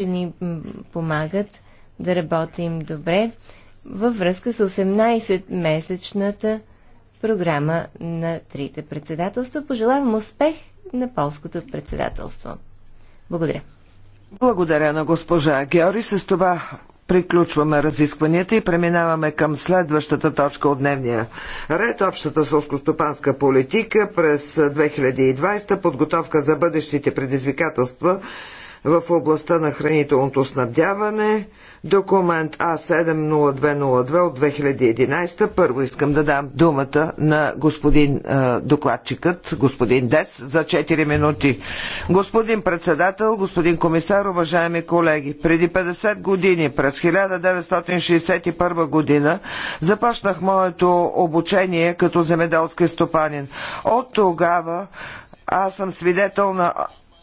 Ще ни помагат да работим добре във връзка с 18-месечната програма на трите председателства. Пожелавам успех на полското председателство. Благодаря. Благодаря на госпожа Геори. С това Приключваме разискванията и преминаваме към следващата точка от дневния ред. Общата сълскостопанска политика през 2020, подготовка за бъдещите предизвикателства в областта на хранителното снабдяване. Документ А70202 от 2011. Първо искам да дам думата на господин е, докладчикът, господин Дес, за 4 минути. Господин председател, господин комисар, уважаеми колеги, преди 50 години, през 1961 година, започнах моето обучение като земеделски стопанин. От тогава аз съм свидетел на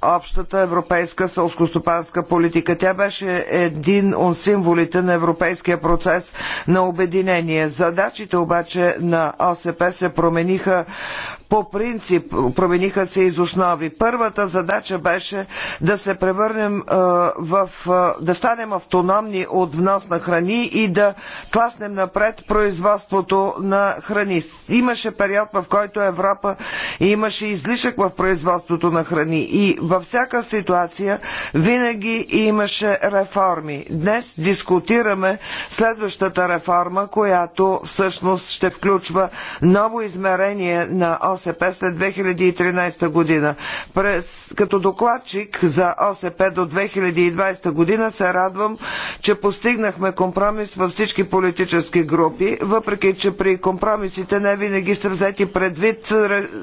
общата европейска сълскостопанска политика. Тя беше един от символите на европейския процес на обединение. Задачите обаче на ОСП се промениха по принцип промениха се из основи. Първата задача беше да се превърнем в да станем автономни от внос на храни и да тласнем напред производството на храни. Имаше период, в който Европа имаше излишък в производството на храни и във всяка ситуация винаги имаше реформи. Днес дискутираме следващата реформа, която всъщност ще включва ново измерение на ОСП след 2013 година. През, като докладчик за ОСП до 2020 година се радвам, че постигнахме компромис във всички политически групи, въпреки че при компромисите не винаги са взети предвид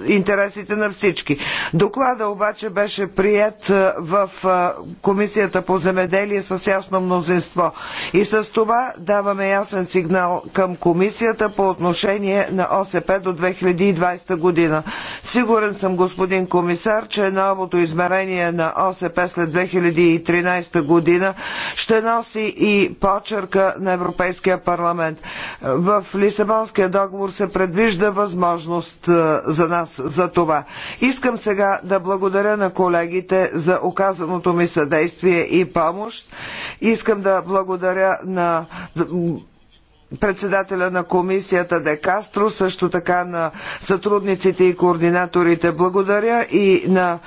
интересите на всички. Доклада обаче беше прият в Комисията по земеделие с ясно мнозинство. И с това даваме ясен сигнал към Комисията по отношение на ОСП до 2020 година година. Сигурен съм, господин комисар, че новото измерение на ОСП след 2013 година ще носи и почерка на Европейския парламент. В Лисабонския договор се предвижда възможност е, за нас за това. Искам сега да благодаря на колегите за оказаното ми съдействие и помощ. Искам да благодаря на председателя на комисията Де Кастро, също така на сътрудниците и координаторите благодаря и на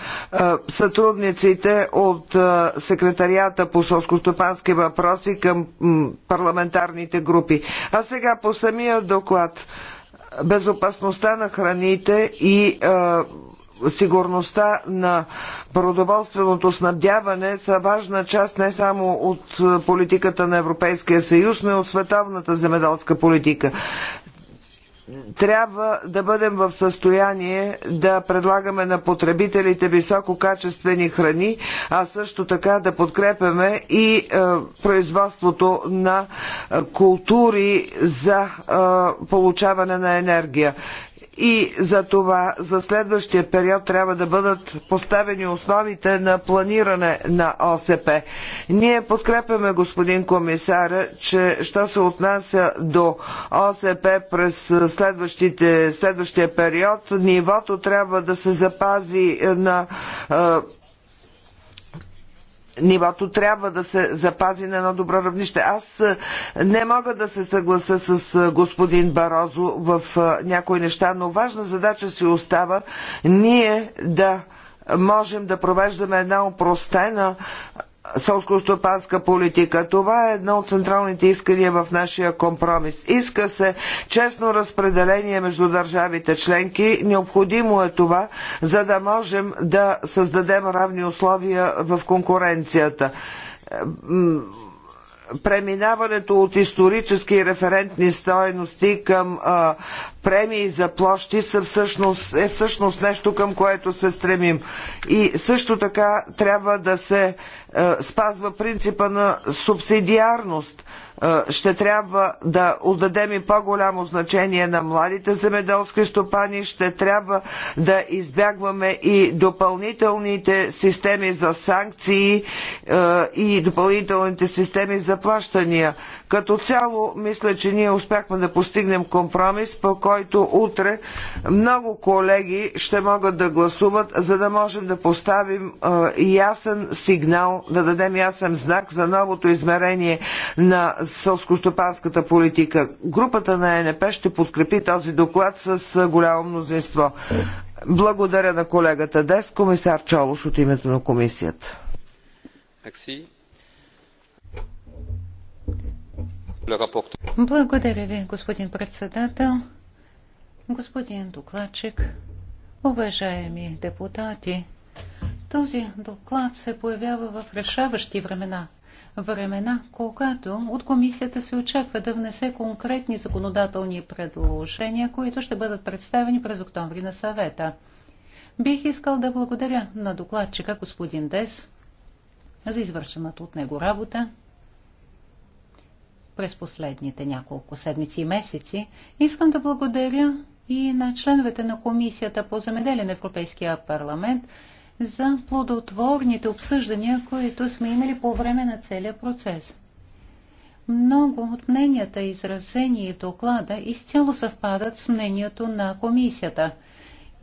сътрудниците от секретарията по сълскостопански въпроси към парламентарните групи. А сега по самия доклад безопасността на храните и сигурността на продоволственото снабдяване са важна част не само от е, политиката на Европейския съюз, но и от световната земеделска политика трябва да бъдем в състояние да предлагаме на потребителите висококачествени храни, а също така да подкрепяме и е, производството на е, култури за е, получаване на енергия и за това за следващия период трябва да бъдат поставени основите на планиране на ОСП. Ние подкрепяме господин комисара, че що се отнася до ОСП през следващия период, нивото трябва да се запази на нивото трябва да се запази на едно добро равнище. Аз не мога да се съгласа с господин Барозо в някои неща, но важна задача си остава ние да можем да провеждаме една упростена сълско-стопанска политика. Това е едно от централните искания в нашия компромис. Иска се честно разпределение между държавите членки. Необходимо е това, за да можем да създадем равни условия в конкуренцията преминаването от исторически референтни стоености към а, премии за площи са всъщност, е всъщност нещо към което се стремим. И също така трябва да се а, спазва принципа на субсидиарност – ще трябва да отдадем и по-голямо значение на младите земеделски стопани, ще трябва да избягваме и допълнителните системи за санкции и допълнителните системи за плащания. Като цяло, мисля, че ние успяхме да постигнем компромис, по който утре много колеги ще могат да гласуват, за да можем да поставим ясен сигнал, да дадем ясен знак за новото измерение на сълскостопанската политика. Групата на ЕНП ще подкрепи този доклад с голямо мнозинство. Благодаря на колегата Дес, комисар Чолош от името на комисията. Merci. Благодаря ви, господин председател, господин докладчик, уважаеми депутати. Този доклад се появява в решаващи времена. Времена, когато от комисията се очаква да внесе конкретни законодателни предложения, които ще бъдат представени през октомври на съвета. Бих искал да благодаря на докладчика господин Дес за извършената от него работа през последните няколко седмици и месеци. Искам да благодаря и на членовете на Комисията по земеделие на Европейския парламент за плодотворните обсъждания, които сме имали по време на целия процес. Много от мненията, изразени и доклада, изцяло съвпадат с мнението на комисията.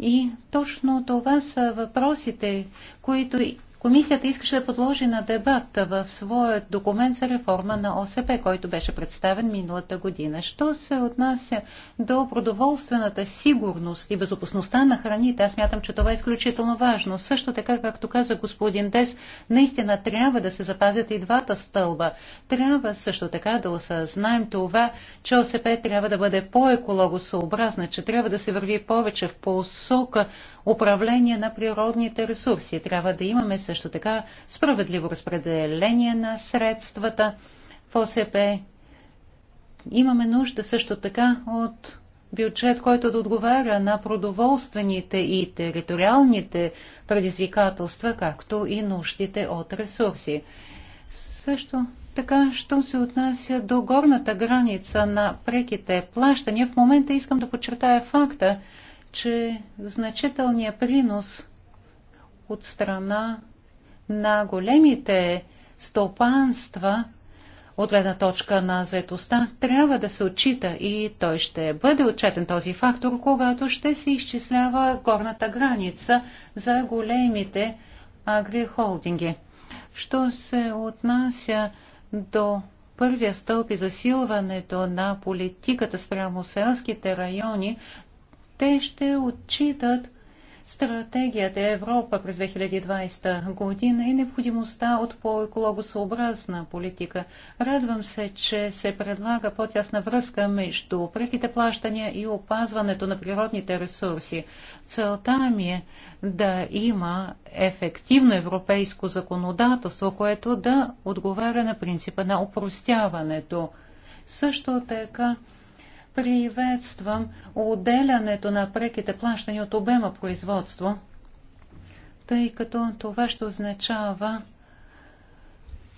И точно това са въпросите, които Комисията искаше да подложи на дебат в своят документ за реформа на ОСП, който беше представен миналата година. Що се отнася до продоволствената сигурност и безопасността на храните, аз мятам, че това е изключително важно. Също така, както каза господин Дес, наистина трябва да се запазят и двата стълба. Трябва също така да осъзнаем това, че ОСП трябва да бъде по-екологосъобразна, че трябва да се върви повече в посока управление на природните ресурси. Трябва да имаме също така справедливо разпределение на средствата в ОСП. Имаме нужда също така от бюджет, който да отговаря на продоволствените и териториалните предизвикателства, както и нуждите от ресурси. Също така, що се отнася до горната граница на преките плащания, в момента искам да подчертая факта, че значителният принос от страна на големите стопанства от гледна точка на заетостта, трябва да се отчита и той ще бъде отчетен този фактор, когато ще се изчислява горната граница за големите агрихолдинги. Що се отнася до първия стълб и засилването на политиката спрямо селските райони, те ще отчитат стратегията Европа през 2020 година и необходимостта от по екологосообразна политика. Радвам се, че се предлага по-тясна връзка между преките плащания и опазването на природните ресурси. Целта ми е да има ефективно европейско законодателство, което да отговаря на принципа на упростяването. Също така приветствам отделянето на преките плащания от обема производство, тъй като това ще означава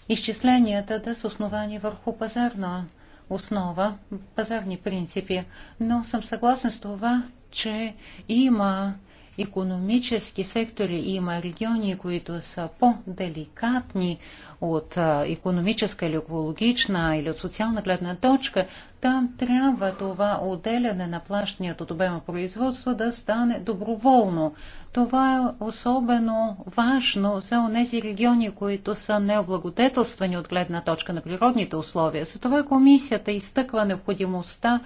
изчисленията да са основани върху пазарна основа, пазарни принципи. Но съм съгласен с това, че има економически сектори има региони, които са по-деликатни от економическа или екологична или от социална гледна точка, там трябва това отделяне на плащаният от обема производство да стане доброволно. Това е особено важно за тези региони, които са необлагодетелствани от гледна точка на природните условия. Затова комисията изтъква необходимостта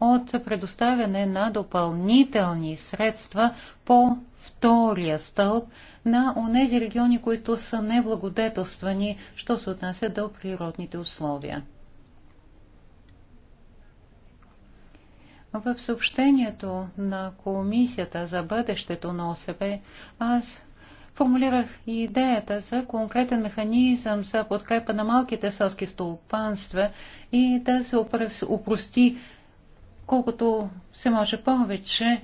от предоставяне на допълнителни средства по втория стълб на онези региони, които са неблагодетелствани, що се отнася до природните условия. В съобщението на Комисията за бъдещето на ОСП аз формулирах идеята за конкретен механизъм за подкрепа на малките селски стопанства и да се упрости колкото се може повече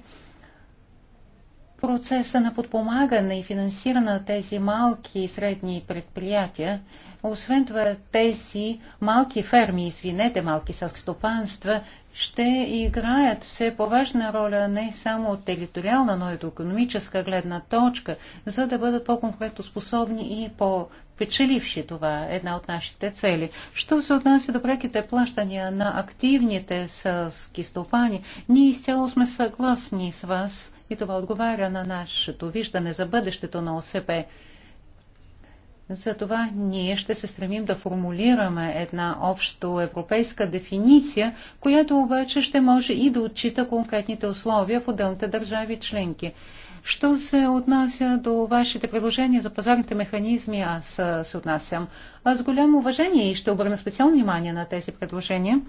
процеса на подпомагане и финансиране на тези малки и средни предприятия. Освен това, тези малки ферми, извинете, малки селскостопанства, ще играят все по-важна роля не само от териториална, но и от економическа гледна точка, за да бъдат по способни и по спечеливши Това е една от нашите цели. Що се отнася до преките плащания на активните селски стопани, ние изцяло сме съгласни с вас и това отговаря на нашето виждане за бъдещето на ОСП. Затова ние ще се стремим да формулираме една общо европейска дефиниция, която обаче ще може и да отчита конкретните условия в отделните държави членки. Що се отнася до вашите предложения за пазарните механизми, аз се отнасям аз с голямо уважение и ще обърна специално внимание на тези предложения,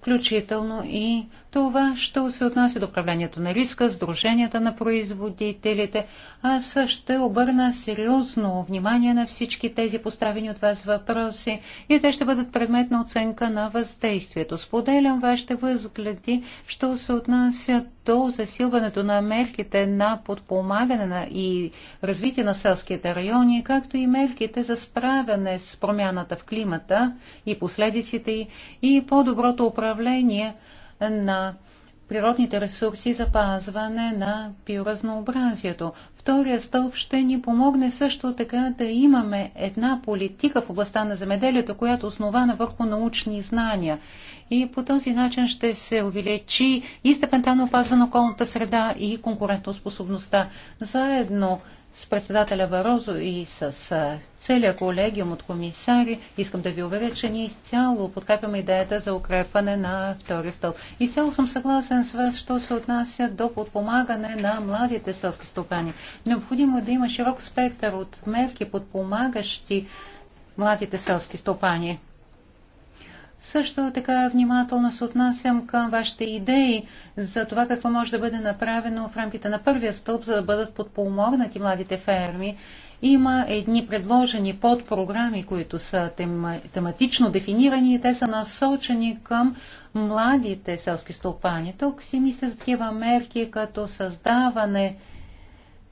включително и това, що се отнася до управлението на риска, сдруженията на производителите. Аз ще обърна сериозно внимание на всички тези поставени от вас въпроси и те ще бъдат предмет на оценка на въздействието. Споделям вашите възгледи, що се отнасят то засилването на мерките на подпомагане на и развитие на селските райони, както и мерките за справяне с промяната в климата и последиците и по-доброто управление на природните ресурси за пазване на биоразнообразието. Втория стълб ще ни помогне също така да имаме една политика в областта на земеделието, която е основана върху научни знания и по този начин ще се увеличи и степента на опазване на околната среда и конкурентоспособността. Заедно с председателя Варозо и с целият колегиум от комисари, искам да ви уверя, че ние изцяло подкрепяме идеята за укрепване на втори стълб. Изцяло съм съгласен с вас, що се отнася до подпомагане на младите селски стопани. Необходимо е да има широк спектър от мерки, подпомагащи младите селски стопани. Също така внимателно се отнасям към вашите идеи за това какво може да бъде направено в рамките на първия стълб, за да бъдат подпомогнати младите ферми. Има едни предложени подпрограми, които са тема, тематично дефинирани и те са насочени към младите селски стопани. Тук си мисля за такива мерки, като създаване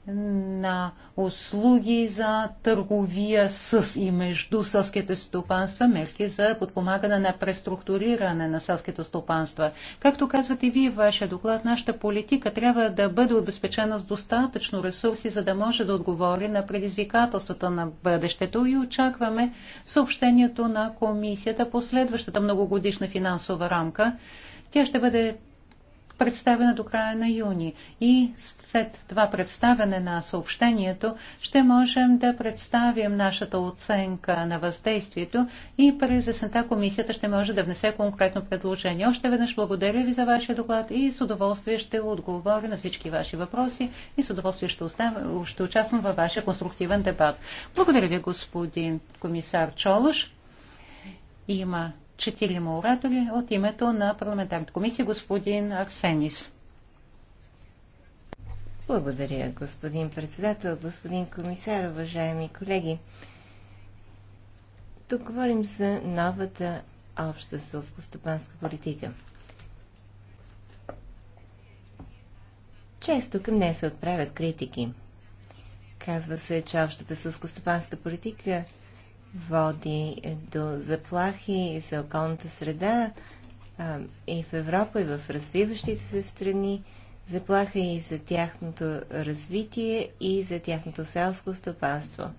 на услуги за търговия с и между селските стопанства, мерки за подпомагане на преструктуриране на селските стопанства. Както казвате вие в вашия доклад, нашата политика трябва да бъде обезпечена с достатъчно ресурси, за да може да отговори на предизвикателствата на бъдещето и очакваме съобщението на комисията по следващата многогодишна финансова рамка. Тя ще бъде представена до края на юни. И след това представяне на съобщението ще можем да представим нашата оценка на въздействието и през есента комисията ще може да внесе конкретно предложение. Още веднъж благодаря ви за вашия доклад и с удоволствие ще отговоря на всички ваши въпроси и с удоволствие ще, остав... ще участвам във вашия конструктивен дебат. Благодаря ви, господин комисар Чолош. Има четирима оратори от името на парламентарната комисия господин Арсенис. Благодаря, господин председател, господин комисар, уважаеми колеги. Тук говорим за новата обща сълскостопанска политика. Често към нея се отправят критики. Казва се, че общата сълскостопанска политика води до заплахи за околната среда а, и в Европа, и в развиващите се страни, заплаха и за тяхното развитие и за тяхното селско стопанство.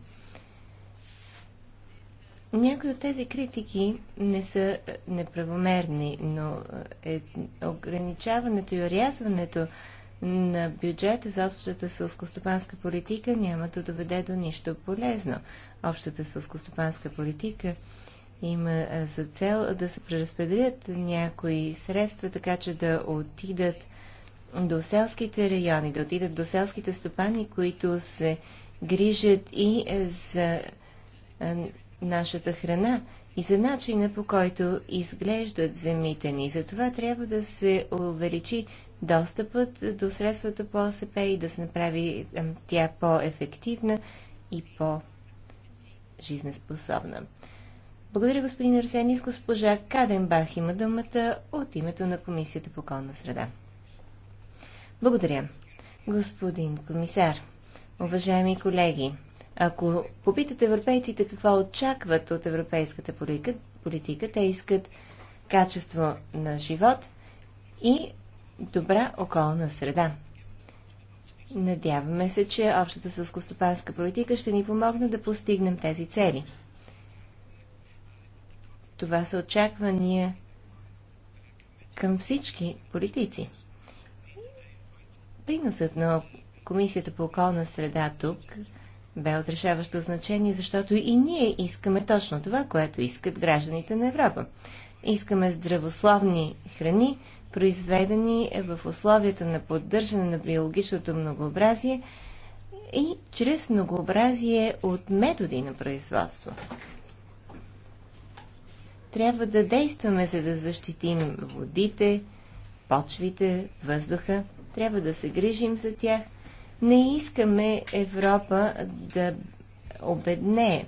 Някои от тези критики не са неправомерни, но е, ограничаването и орязването на бюджета за общата сълскостопанска политика няма да доведе до нищо полезно. Общата сълскостопанска политика има за цел да се преразпределят някои средства, така че да отидат до селските райони, да отидат до селските стопани, които се грижат и за нашата храна и за начина по който изглеждат земите ни. За това трябва да се увеличи достъпът до средствата по ОСП и да се направи тя по-ефективна и по-жизнеспособна. Благодаря, господин Арсений. госпожа Каденбах има думата от името на Комисията по околна среда. Благодаря. Господин комисар, уважаеми колеги, ако попитат европейците какво очакват от европейската политика, те искат качество на живот и добра околна среда. Надяваме се, че общата сълскостопанска политика ще ни помогне да постигнем тези цели. Това са очаквания към всички политици. Приносът на Комисията по околна среда тук бе от решаващо значение, защото и ние искаме точно това, което искат гражданите на Европа. Искаме здравословни храни, произведени в условията на поддържане на биологичното многообразие и чрез многообразие от методи на производство. Трябва да действаме, за да защитим водите, почвите, въздуха. Трябва да се грижим за тях. Не искаме Европа да обеднее.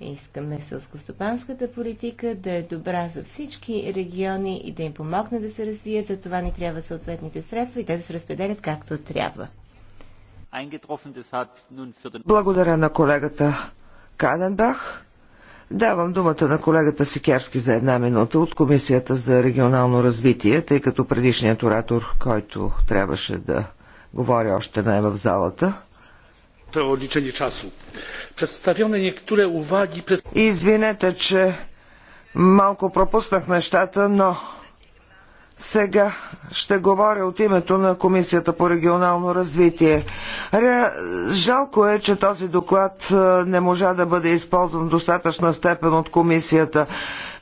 Искаме сълскостопанската политика да е добра за всички региони и да им помогне да се развият. За това ни трябва съответните средства и те да се разпределят както трябва. Благодаря на колегата Каденбах. Давам думата на колегата Сикерски за една минута от Комисията за регионално развитие, тъй като предишният оратор, който трябваше да говори още най е в залата o Извинете, че малко пропуснах нещата, но сега ще говоря от името на Комисията по регионално развитие. Жалко е, че този доклад е, не можа да бъде използван в достатъчна степен от Комисията.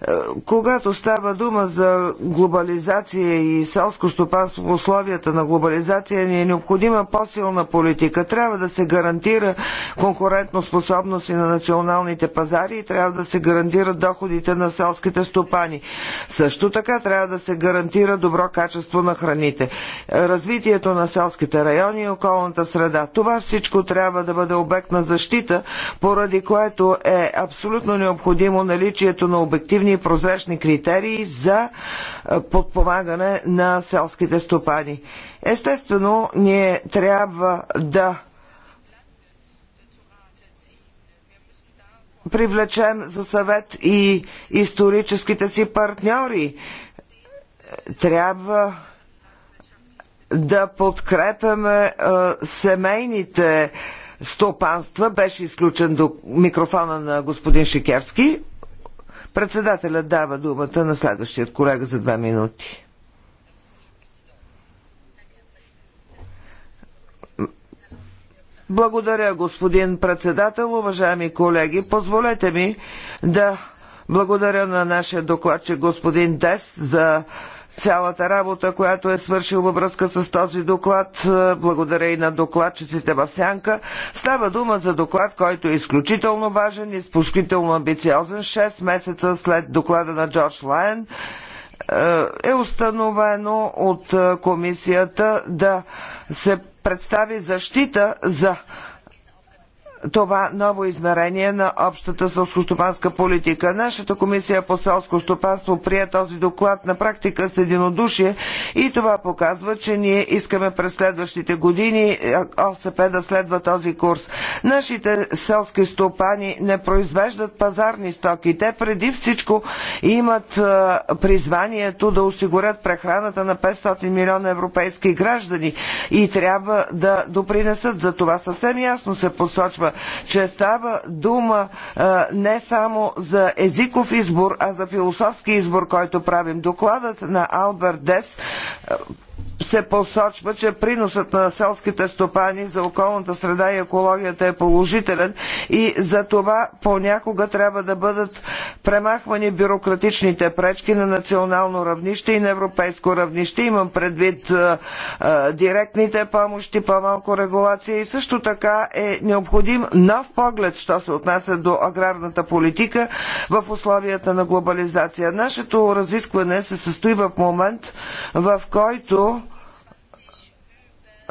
Е, когато става дума за глобализация и селско стопанство в условията на глобализация, ни е необходима по-силна политика. Трябва да се гарантира способност и на националните пазари и трябва да се гарантират доходите на селските стопани. Също така трябва да се гарантира добро качество на храните. Развитието на селските райони и околната среда. Това всичко трябва да бъде обект на защита, поради което е абсолютно необходимо наличието на обективни ясни и прозрачни критерии за е, подпомагане на селските стопани. Естествено, ние трябва да привлечем за съвет и историческите си партньори. Трябва да подкрепяме е, семейните стопанства. Беше изключен до микрофона на господин Шикерски. Председателят дава думата на следващия колега за две минути. Благодаря, господин председател. Уважаеми колеги, позволете ми да благодаря на нашия докладчик господин Дес за цялата работа, която е свършил във връзка с този доклад. Е, благодаря и на докладчиците в Сянка. Става дума за доклад, който е изключително важен, изключително амбициозен. 6 месеца след доклада на Джордж Лайен е, е установено от е, комисията да се представи защита за това ново измерение на общата селскостопанска политика. Нашата комисия по селско стопанство прие този доклад на практика с единодушие и това показва, че ние искаме през следващите години ОСП да следва този курс. Нашите селски стопани не произвеждат пазарни стоки. Те преди всичко имат призванието да осигурят прехраната на 500 милиона европейски граждани и трябва да допринесат за това. Съвсем ясно се посочва казва, че става дума не само за езиков избор, а за философски избор, който правим. Докладът на Алберт Дес се посочва, че приносът на селските стопани за околната среда и екологията е положителен и за това понякога трябва да бъдат премахвани бюрократичните пречки на национално равнище и на европейско равнище. Имам предвид а, е, а, е, директните помощи, по-малко регулация и също така е необходим нов поглед, що се отнася до аграрната политика в условията на глобализация. Нашето разискване се състои в момент, в който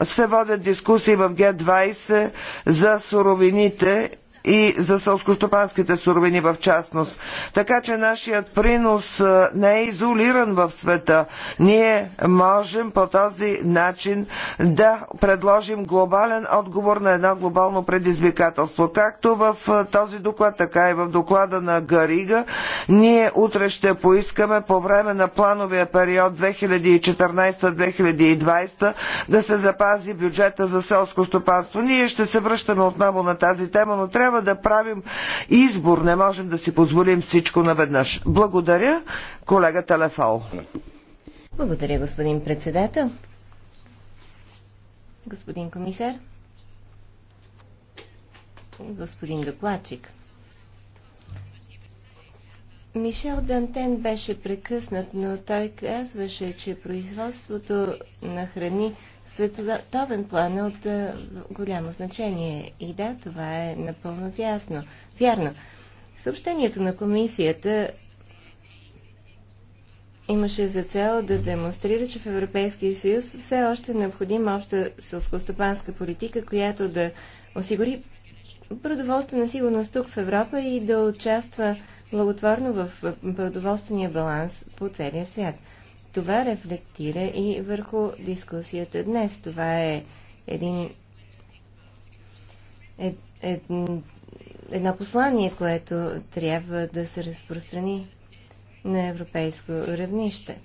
се водят дискусии в Г20 за суровините и за селскостопанските суровини в частност. Така че нашият принос не е изолиран в света. Ние можем по този начин да предложим глобален отговор на едно глобално предизвикателство. Както в този доклад, така и в доклада на Гарига, ние утре ще поискаме по време на плановия период 2014-2020 да се запази бюджета за селско стопанство. Ние ще се връщаме отново на тази тема, но трябва трябва да правим избор. Не можем да си позволим всичко наведнъж. Благодаря, колега Телефал. Благодаря, господин председател. Господин комисар. Господин докладчик. Мишел Дантен беше прекъснат, но той казваше, че производството на храни в световен план е от е, голямо значение. И да, това е напълно вясно. Вярно. Съобщението на комисията имаше за цел да демонстрира, че в Европейския съюз все още е необходима обща селскостопанска политика, която да осигури продоволствена сигурност тук в Европа и да участва благотворно в продоволствения баланс по целия свят. Това рефлектира и върху дискусията днес. Това е един, ед, ед, едно послание, което трябва да се разпространи на европейско равнище.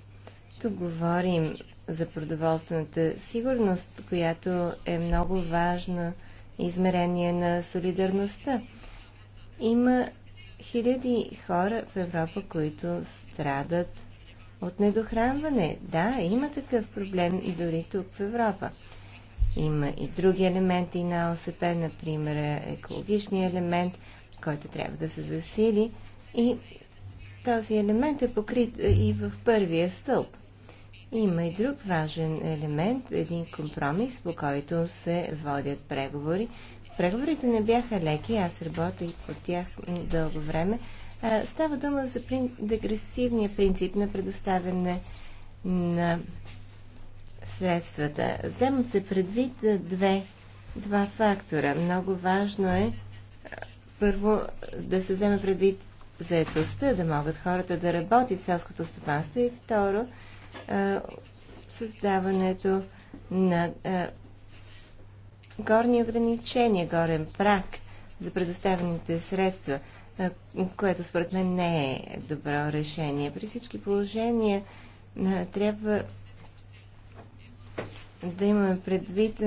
Тук говорим за продоволствената сигурност, която е много важна измерение на солидарността. Има хиляди хора в Европа, които страдат от недохранване. Да, има такъв проблем и дори тук в Европа. Има и други елементи на ОСП, например екологичния елемент, който трябва да се засили. И този елемент е покрит е, и в първия стълб. Има и друг важен елемент, един компромис, по който се водят преговори Преговорите не бяха леки, аз работех по тях дълго време. Става дума за дегресивния принцип на предоставяне на средствата. Вземат се предвид две, два фактора. Много важно е първо да се вземе предвид заетостта, да могат хората да работят в селското стопанство и второ създаването на горни ограничения, горен прак за предоставените средства, което според мен не е добро решение. При всички положения трябва да имаме предвид,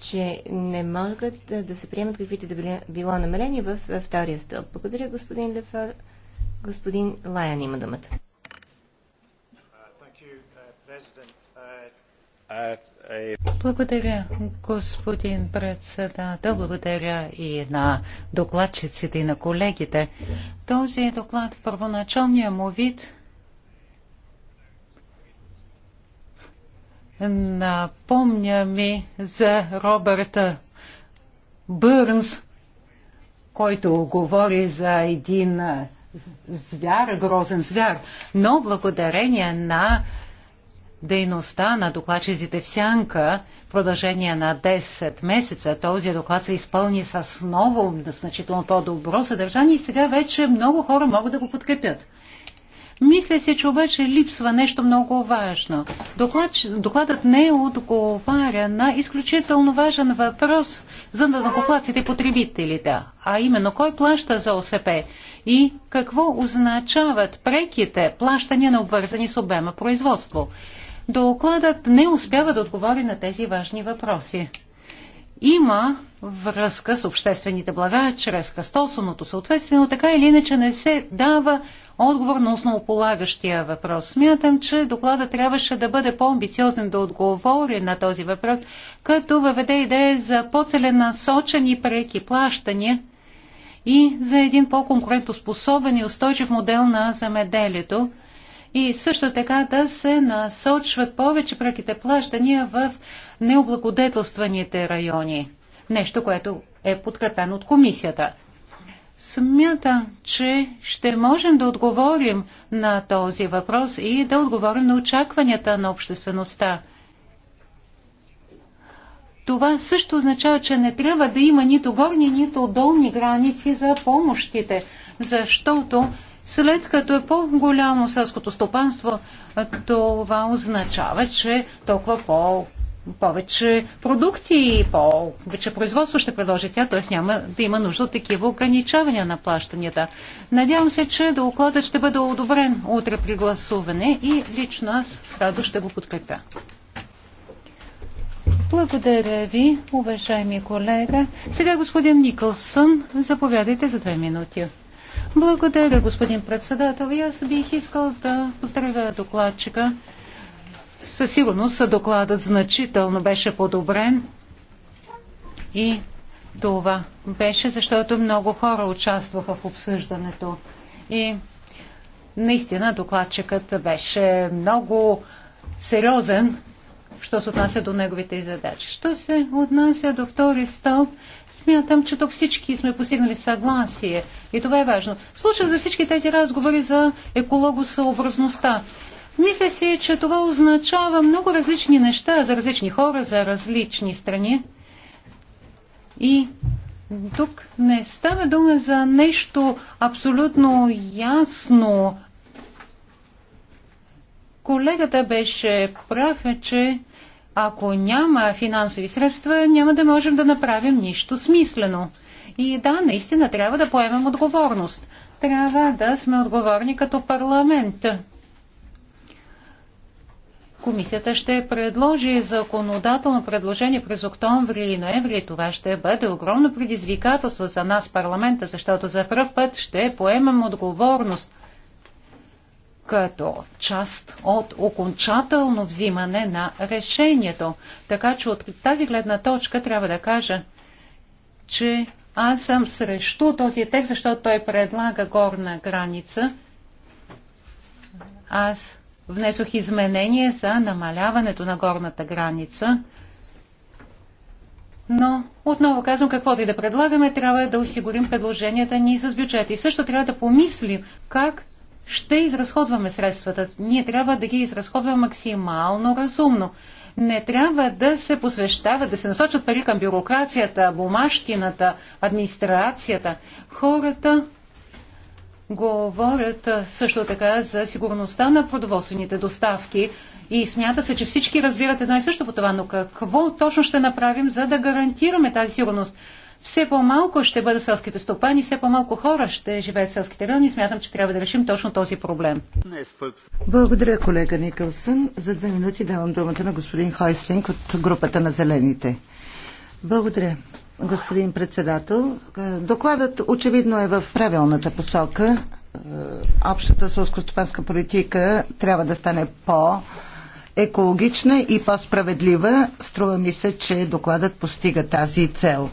че не могат да се приемат каквито да било намерения в втория стълб. Благодаря, господин Лефор. Господин Лаян има думата. Uh, uh, благодаря, господин председател. Благодаря и на докладчиците и на колегите. Този доклад в първоначалния му вид напомня ми за Робърта Бърнс, който говори за един звяр, грозен звяр, но благодарение на дейността на докладчиците в Сянка в продължение на 10 месеца. Този доклад се изпълни с ново, значително по-добро съдържание и сега вече много хора могат да го подкрепят. Мисля се, че обаче липсва нещо много важно. Доклад, докладът не отговаря на изключително важен въпрос за накоплаците и потребителите, а именно кой плаща за ОСП и какво означават преките плащания на обвързани с обема производство докладът не успява да отговори на тези важни въпроси. Има връзка с обществените блага чрез кръстосаното съответствие, но така или иначе не се дава отговор на основополагащия въпрос. Смятам, че докладът трябваше да бъде по-амбициозен да отговори на този въпрос, като въведе идея за по-целенасочени преки плащания и за един по-конкурентоспособен и устойчив модел на замеделието – и също така да се насочват повече преките плащания в необлагодетелстваните райони. Нещо, което е подкрепено от комисията. Смятам, че ще можем да отговорим на този въпрос и да отговорим на очакванията на обществеността. Това също означава, че не трябва да има нито горни, нито долни граници за помощите, защото след като е по-голямо селското стопанство, това означава, че толкова по- повече продукти и повече производство ще предложи тя, т.е. няма да има нужда от такива ограничавания на плащанията. Надявам се, че докладът ще бъде одобрен утре при гласуване и лично аз с радост ще го подкрепя. Благодаря ви, уважаеми колега. Сега господин Никълсън, заповядайте за две минути. Благодаря, господин председател. И аз бих искал да поздравя докладчика. Със сигурност докладът значително беше подобрен и това беше, защото много хора участваха в обсъждането. И наистина докладчикът беше много сериозен, що се отнася до неговите задачи. Що се отнася до втори стълб, Смятам, че тук всички сме постигнали съгласие и това е важно. Слушах за всички тези разговори за екологосъобразността. Мисля си, че това означава много различни неща за различни хора, за различни страни. И тук не става дума за нещо абсолютно ясно. Колегата беше прав, че ако няма финансови средства, няма да можем да направим нищо смислено. И да, наистина трябва да поемем отговорност. Трябва да сме отговорни като парламент. Комисията ще предложи законодателно предложение през октомври и ноември. Това ще бъде огромно предизвикателство за нас парламента, защото за първ път ще поемем отговорност – като част от окончателно взимане на решението. Така че от тази гледна точка трябва да кажа, че аз съм срещу този текст, защото той предлага горна граница. Аз внесох изменение за намаляването на горната граница. Но, отново казвам, каквото и да предлагаме, трябва да осигурим предложенията ни с бюджета. И също трябва да помислим как ще изразходваме средствата. Ние трябва да ги изразходваме максимално разумно. Не трябва да се посвещават, да се насочат пари към бюрокрацията, бумащината, администрацията. Хората говорят също така за сигурността на продоволствените доставки и смята се, че всички разбират едно и също по това, но какво точно ще направим, за да гарантираме тази сигурност? все по-малко ще бъдат селските стопани, все по-малко хора ще живеят в селските райони. Смятам, че трябва да решим точно този проблем. Благодаря, колега Никълсън. За две минути давам думата на господин Хойслинг от групата на Зелените. Благодаря, господин председател. Докладът очевидно е в правилната посока. Общата селскостопанска политика трябва да стане по- екологична и по-справедлива. Струва ми се, че докладът постига тази цел.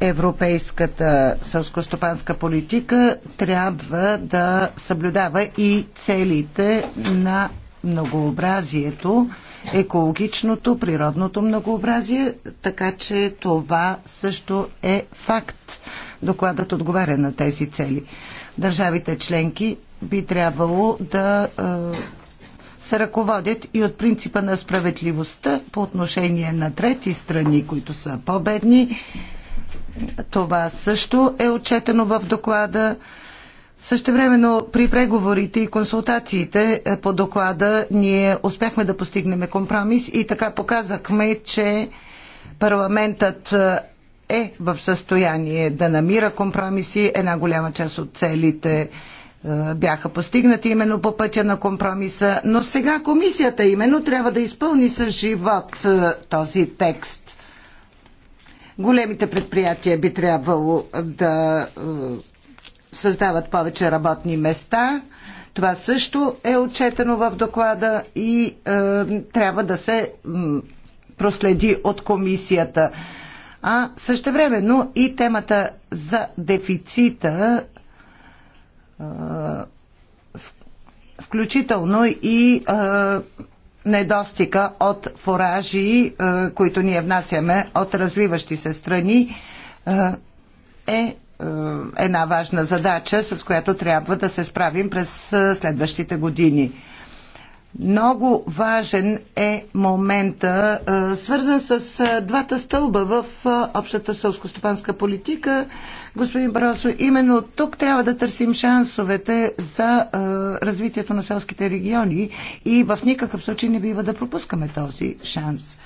Европейската сълскостопанска политика трябва да съблюдава и целите на многообразието, екологичното, природното многообразие, така че това също е факт. Докладът отговаря на тези цели. Държавите членки би трябвало да е, се ръководят и от принципа на справедливостта по отношение на трети страни, които са по-бедни това също е отчетено в доклада. Същевременно при преговорите и консултациите е, по доклада ние успяхме да постигнем компромис и така показахме, че парламентът е, е в състояние да намира компромиси. Една голяма част от целите е, бяха постигнати именно по пътя на компромиса, но сега комисията именно трябва да изпълни с живот този текст големите предприятия би трябвало да е, създават повече работни места. Това също е отчетено в доклада и е, трябва да се проследи от комисията. А също времено и темата за дефицита, е, включително и е, недостига от фуражи, е, които ние внасяме от развиващи се страни, е, е, е една важна задача, с която трябва да се справим през следващите години. Много важен е момента, свързан с двата стълба в общата селско-стопанска политика. Господин Бросо, именно тук трябва да търсим шансовете за развитието на селските региони и в никакъв случай не бива да пропускаме този шанс.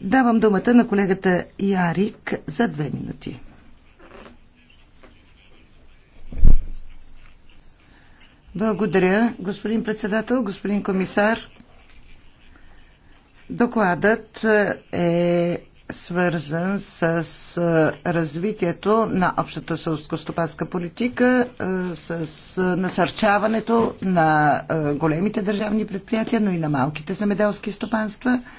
Давам думата на колегата Ярик за две минути. Благодаря, господин председател, господин комисар. Докладът е свързан с развитието на общата сълскостопанска политика, с насърчаването на големите държавни предприятия, но и на малките земеделски стопанства –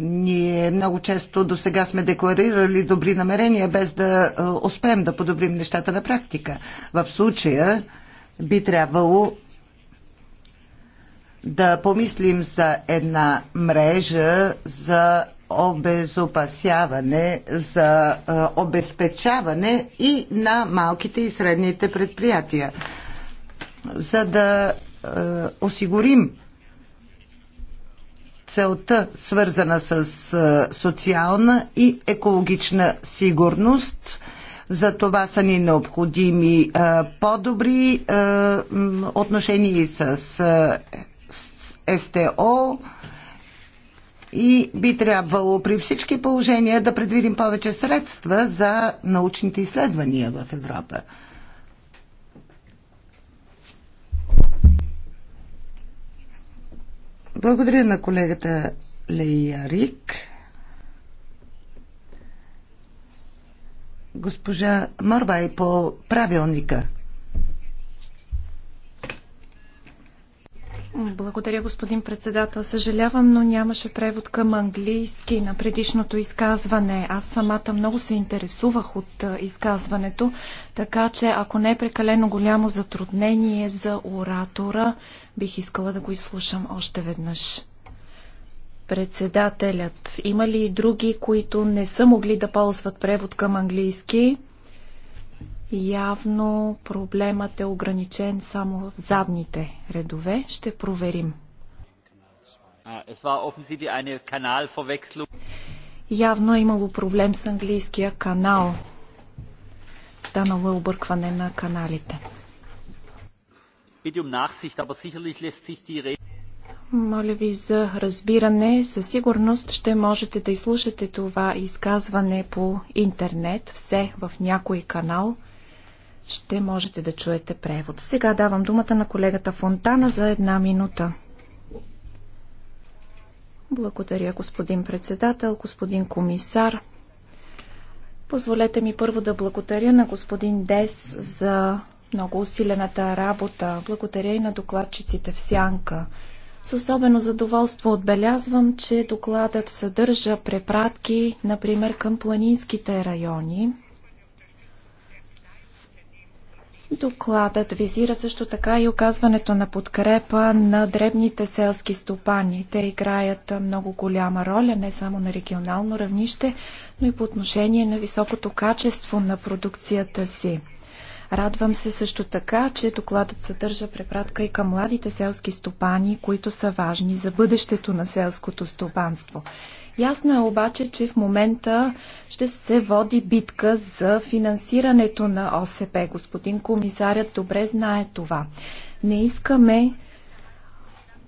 ние много често до сега сме декларирали добри намерения, без да успеем да подобрим нещата на практика. В случая би трябвало да помислим за една мрежа за обезопасяване, за обезпечаване и на малките и средните предприятия, за да осигурим целта, свързана с социална и екологична сигурност. За това са ни необходими по-добри отношения и с, с СТО и би трябвало при всички положения да предвидим повече средства за научните изследвания в Европа. Благодаря на колегата Лея Рик. Госпожа Морвай по правилника. Благодаря, господин председател. Съжалявам, но нямаше превод към английски на предишното изказване. Аз самата много се интересувах от изказването, така че ако не е прекалено голямо затруднение за оратора, бих искала да го изслушам още веднъж. Председателят, има ли други, които не са могли да ползват превод към английски? Явно проблемът е ограничен само в задните редове. Ще проверим. Явно е имало проблем с английския канал. Станало е объркване на каналите. Um Моля ви за разбиране. Със сигурност ще можете да изслушате това изказване по интернет, все в някой канал ще можете да чуете превод. Сега давам думата на колегата Фонтана за една минута. Благодаря, господин председател, господин комисар. Позволете ми първо да благодаря на господин Дес за много усилената работа. Благодаря и на докладчиците в Сянка. С особено задоволство отбелязвам, че докладът съдържа препратки, например, към планинските райони – Докладът визира също така и оказването на подкрепа на дребните селски стопани. Те играят много голяма роля, не само на регионално равнище, но и по отношение на високото качество на продукцията си. Радвам се също така, че докладът съдържа препратка и към младите селски стопани, които са важни за бъдещето на селското стопанство. Ясно е обаче, че в момента ще се води битка за финансирането на ОСП. Господин комисарят добре знае това. Не искаме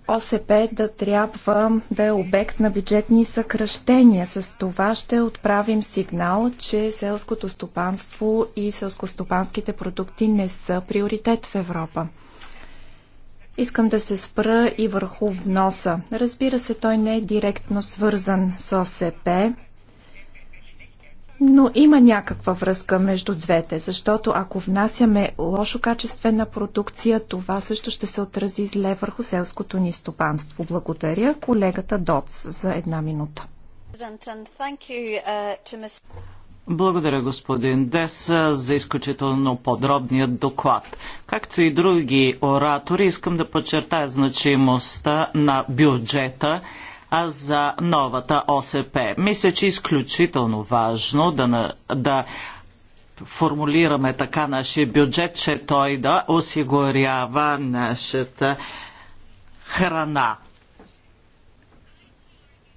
ОСП да трябва да е обект на бюджетни съкръщения. С това ще отправим сигнал, че селското стопанство и селскостопанските продукти не са приоритет в Европа. Искам да се спра и върху вноса. Разбира се, той не е директно свързан с ОСП, но има някаква връзка между двете, защото ако внасяме лошо качествена продукция, това също ще се отрази зле върху селското ни стопанство. Благодаря колегата Доц за една минута. Благодаря, господин Дес, за изключително подробния доклад. Както и други оратори, искам да подчертая значимостта на бюджета за новата ОСП. Мисля, че е изключително важно да, да формулираме така нашия бюджет, че той да осигурява нашата храна.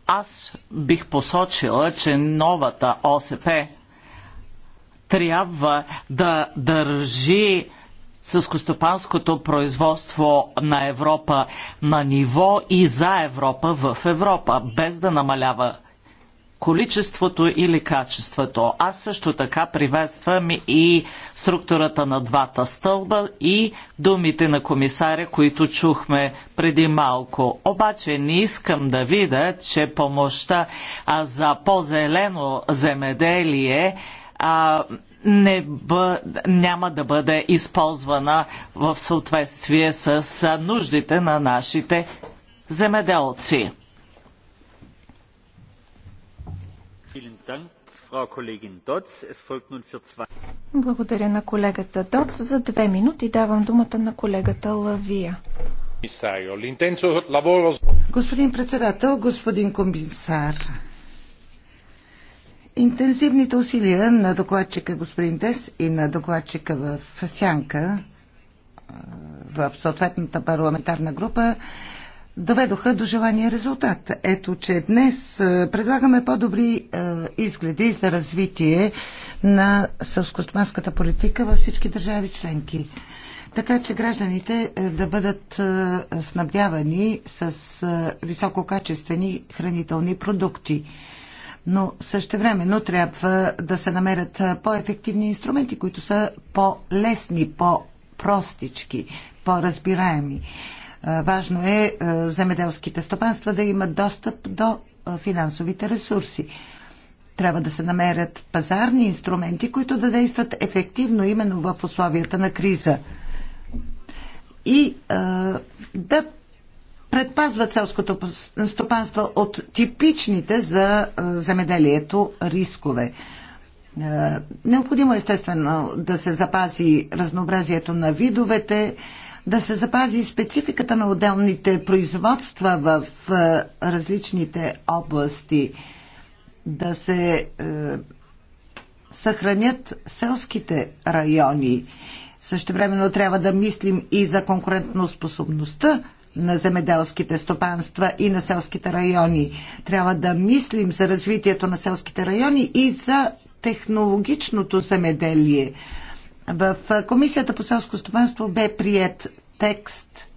Аз бих посочила, че новата ОСП трябва да държи съскостопанското производство на Европа на ниво и за Европа в Европа, без да намалява количеството или качеството. Аз също така приветствам и структурата на двата стълба и думите на комисаря, които чухме преди малко. Обаче не искам да видя, че помощта за по-зелено земеделие а, не бъ... няма да бъде използвана в съответствие с нуждите на нашите земеделци. Благодаря на колегата Доц. За две минути давам думата на колегата Лавия. Господин председател, господин комисар, интензивните усилия на докладчика господин Дес и на докладчика в Сянка в съответната парламентарна група доведоха до желания резултат. Ето, че днес предлагаме по-добри изгледи за развитие на сълскостоманската политика във всички държави членки. Така че гражданите да бъдат снабдявани с висококачествени хранителни продукти но същевременно трябва да се намерят по-ефективни инструменти, които са по-лесни, по-простички, по-разбираеми. Важно е земеделските стопанства да имат достъп до финансовите ресурси. Трябва да се намерят пазарни инструменти, които да действат ефективно именно в условията на криза и а, да предпазват селското стопанство от типичните за е, земеделието рискове. Е, необходимо е, естествено да се запази разнообразието на видовете, да се запази спецификата на отделните производства в различните области, да се съхранят селските райони. времено трябва да мислим и за конкурентоспособността на земеделските стопанства и на селските райони. Трябва да мислим за развитието на селските райони и за технологичното земеделие. В Комисията по селско стопанство бе прият текст,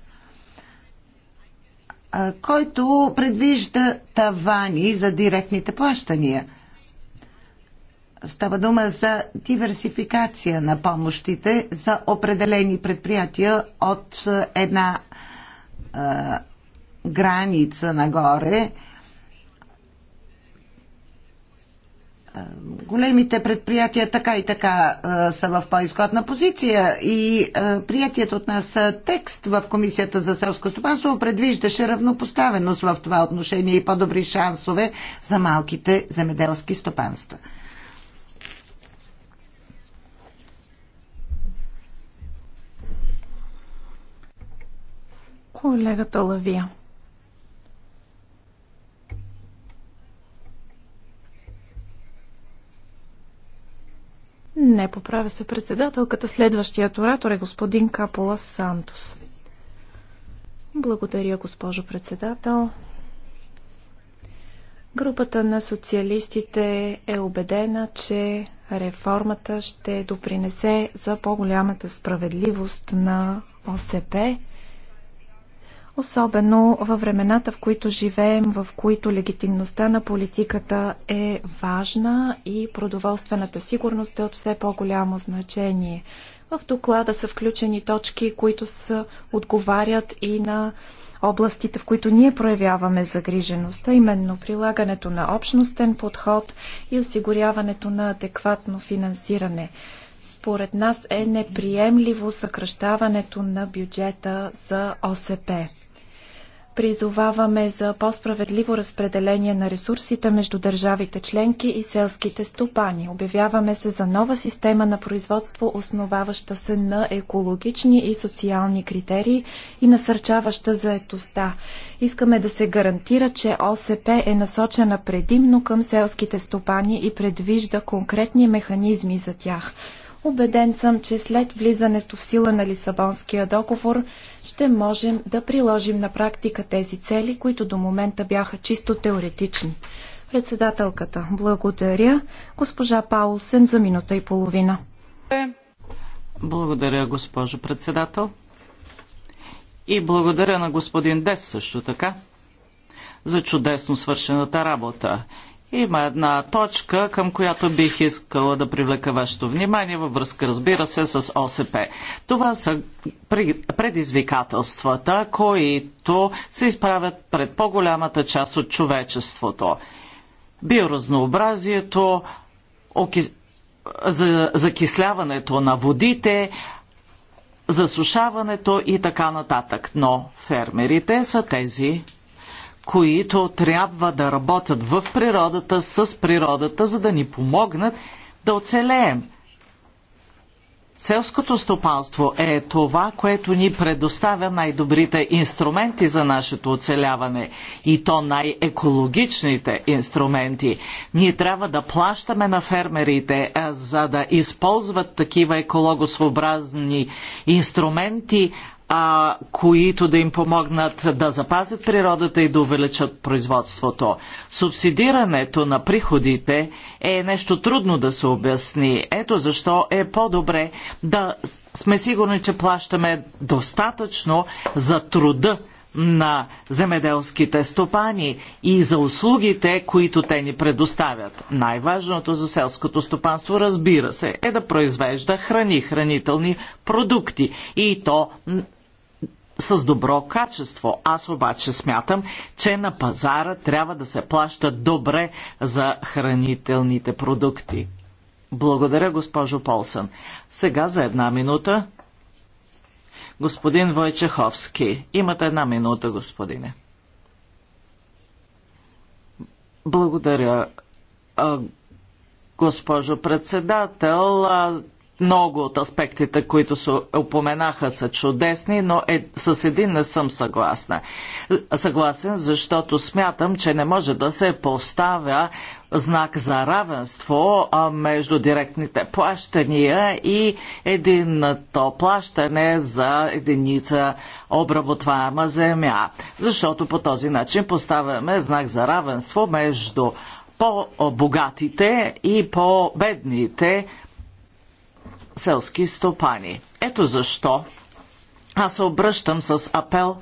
който предвижда тавани за директните плащания. Става дума за диверсификация на помощите за определени предприятия от една граница нагоре. Големите предприятия така и така а, са в по-изходна позиция и а, приятият от нас текст в Комисията за селско стопанство предвиждаше равнопоставеност в това отношение и по-добри шансове за малките земеделски стопанства. Колегата Лавия. Не поправя се председателката. Следващият оратор е господин Капола Сантос. Благодаря, госпожо председател. Групата на социалистите е убедена, че реформата ще допринесе за по-голямата справедливост на ОСП особено във времената, в които живеем, в които легитимността на политиката е важна и продоволствената сигурност е от все по-голямо значение. В доклада са включени точки, които са, отговарят и на областите, в които ние проявяваме загрижеността, именно прилагането на общностен подход и осигуряването на адекватно финансиране. Според нас е неприемливо съкръщаването на бюджета за ОСП. Призоваваме за по-справедливо разпределение на ресурсите между държавите членки и селските стопани. Обявяваме се за нова система на производство, основаваща се на екологични и социални критерии и насърчаваща заетостта. Искаме да се гарантира, че ОСП е насочена предимно към селските стопани и предвижда конкретни механизми за тях – Обеден съм, че след влизането в сила на Лисабонския договор ще можем да приложим на практика тези цели, които до момента бяха чисто теоретични. Председателката, благодаря. Госпожа Паулсен за минута и половина. Благодаря, госпожо председател. И благодаря на господин Дес също така за чудесно свършената работа има една точка, към която бих искала да привлека вашето внимание във връзка, разбира се, с ОСП. Това са предизвикателствата, които се изправят пред по-голямата част от човечеството. Биоразнообразието, закисляването на водите, засушаването и така нататък. Но фермерите са тези, които трябва да работят в природата, с природата, за да ни помогнат да оцелеем. Селското стопанство е това, което ни предоставя най-добрите инструменти за нашето оцеляване и то най-екологичните инструменти. Ние трябва да плащаме на фермерите, за да използват такива екологосъобразни инструменти а, които да им помогнат да запазят природата и да увеличат производството. Субсидирането на приходите е нещо трудно да се обясни. Ето защо е по-добре да сме сигурни, че плащаме достатъчно за труда на земеделските стопани и за услугите, които те ни предоставят. Най-важното за селското стопанство, разбира се, е да произвежда храни, хранителни продукти и то с добро качество. Аз обаче смятам, че на пазара трябва да се плаща добре за хранителните продукти. Благодаря, госпожо Полсън. Сега за една минута. Господин Войчеховски, имате една минута, господине. Благодаря, госпожо председател. Много от аспектите, които се упоменаха, са чудесни, но е, с един не съм съгласна. Съгласен, защото смятам, че не може да се поставя знак за равенство а, между директните плащания и единното плащане за единица обработваема земя. Защото по този начин поставяме знак за равенство между по-богатите и по-бедните селски стопани. Ето защо аз се обръщам с апел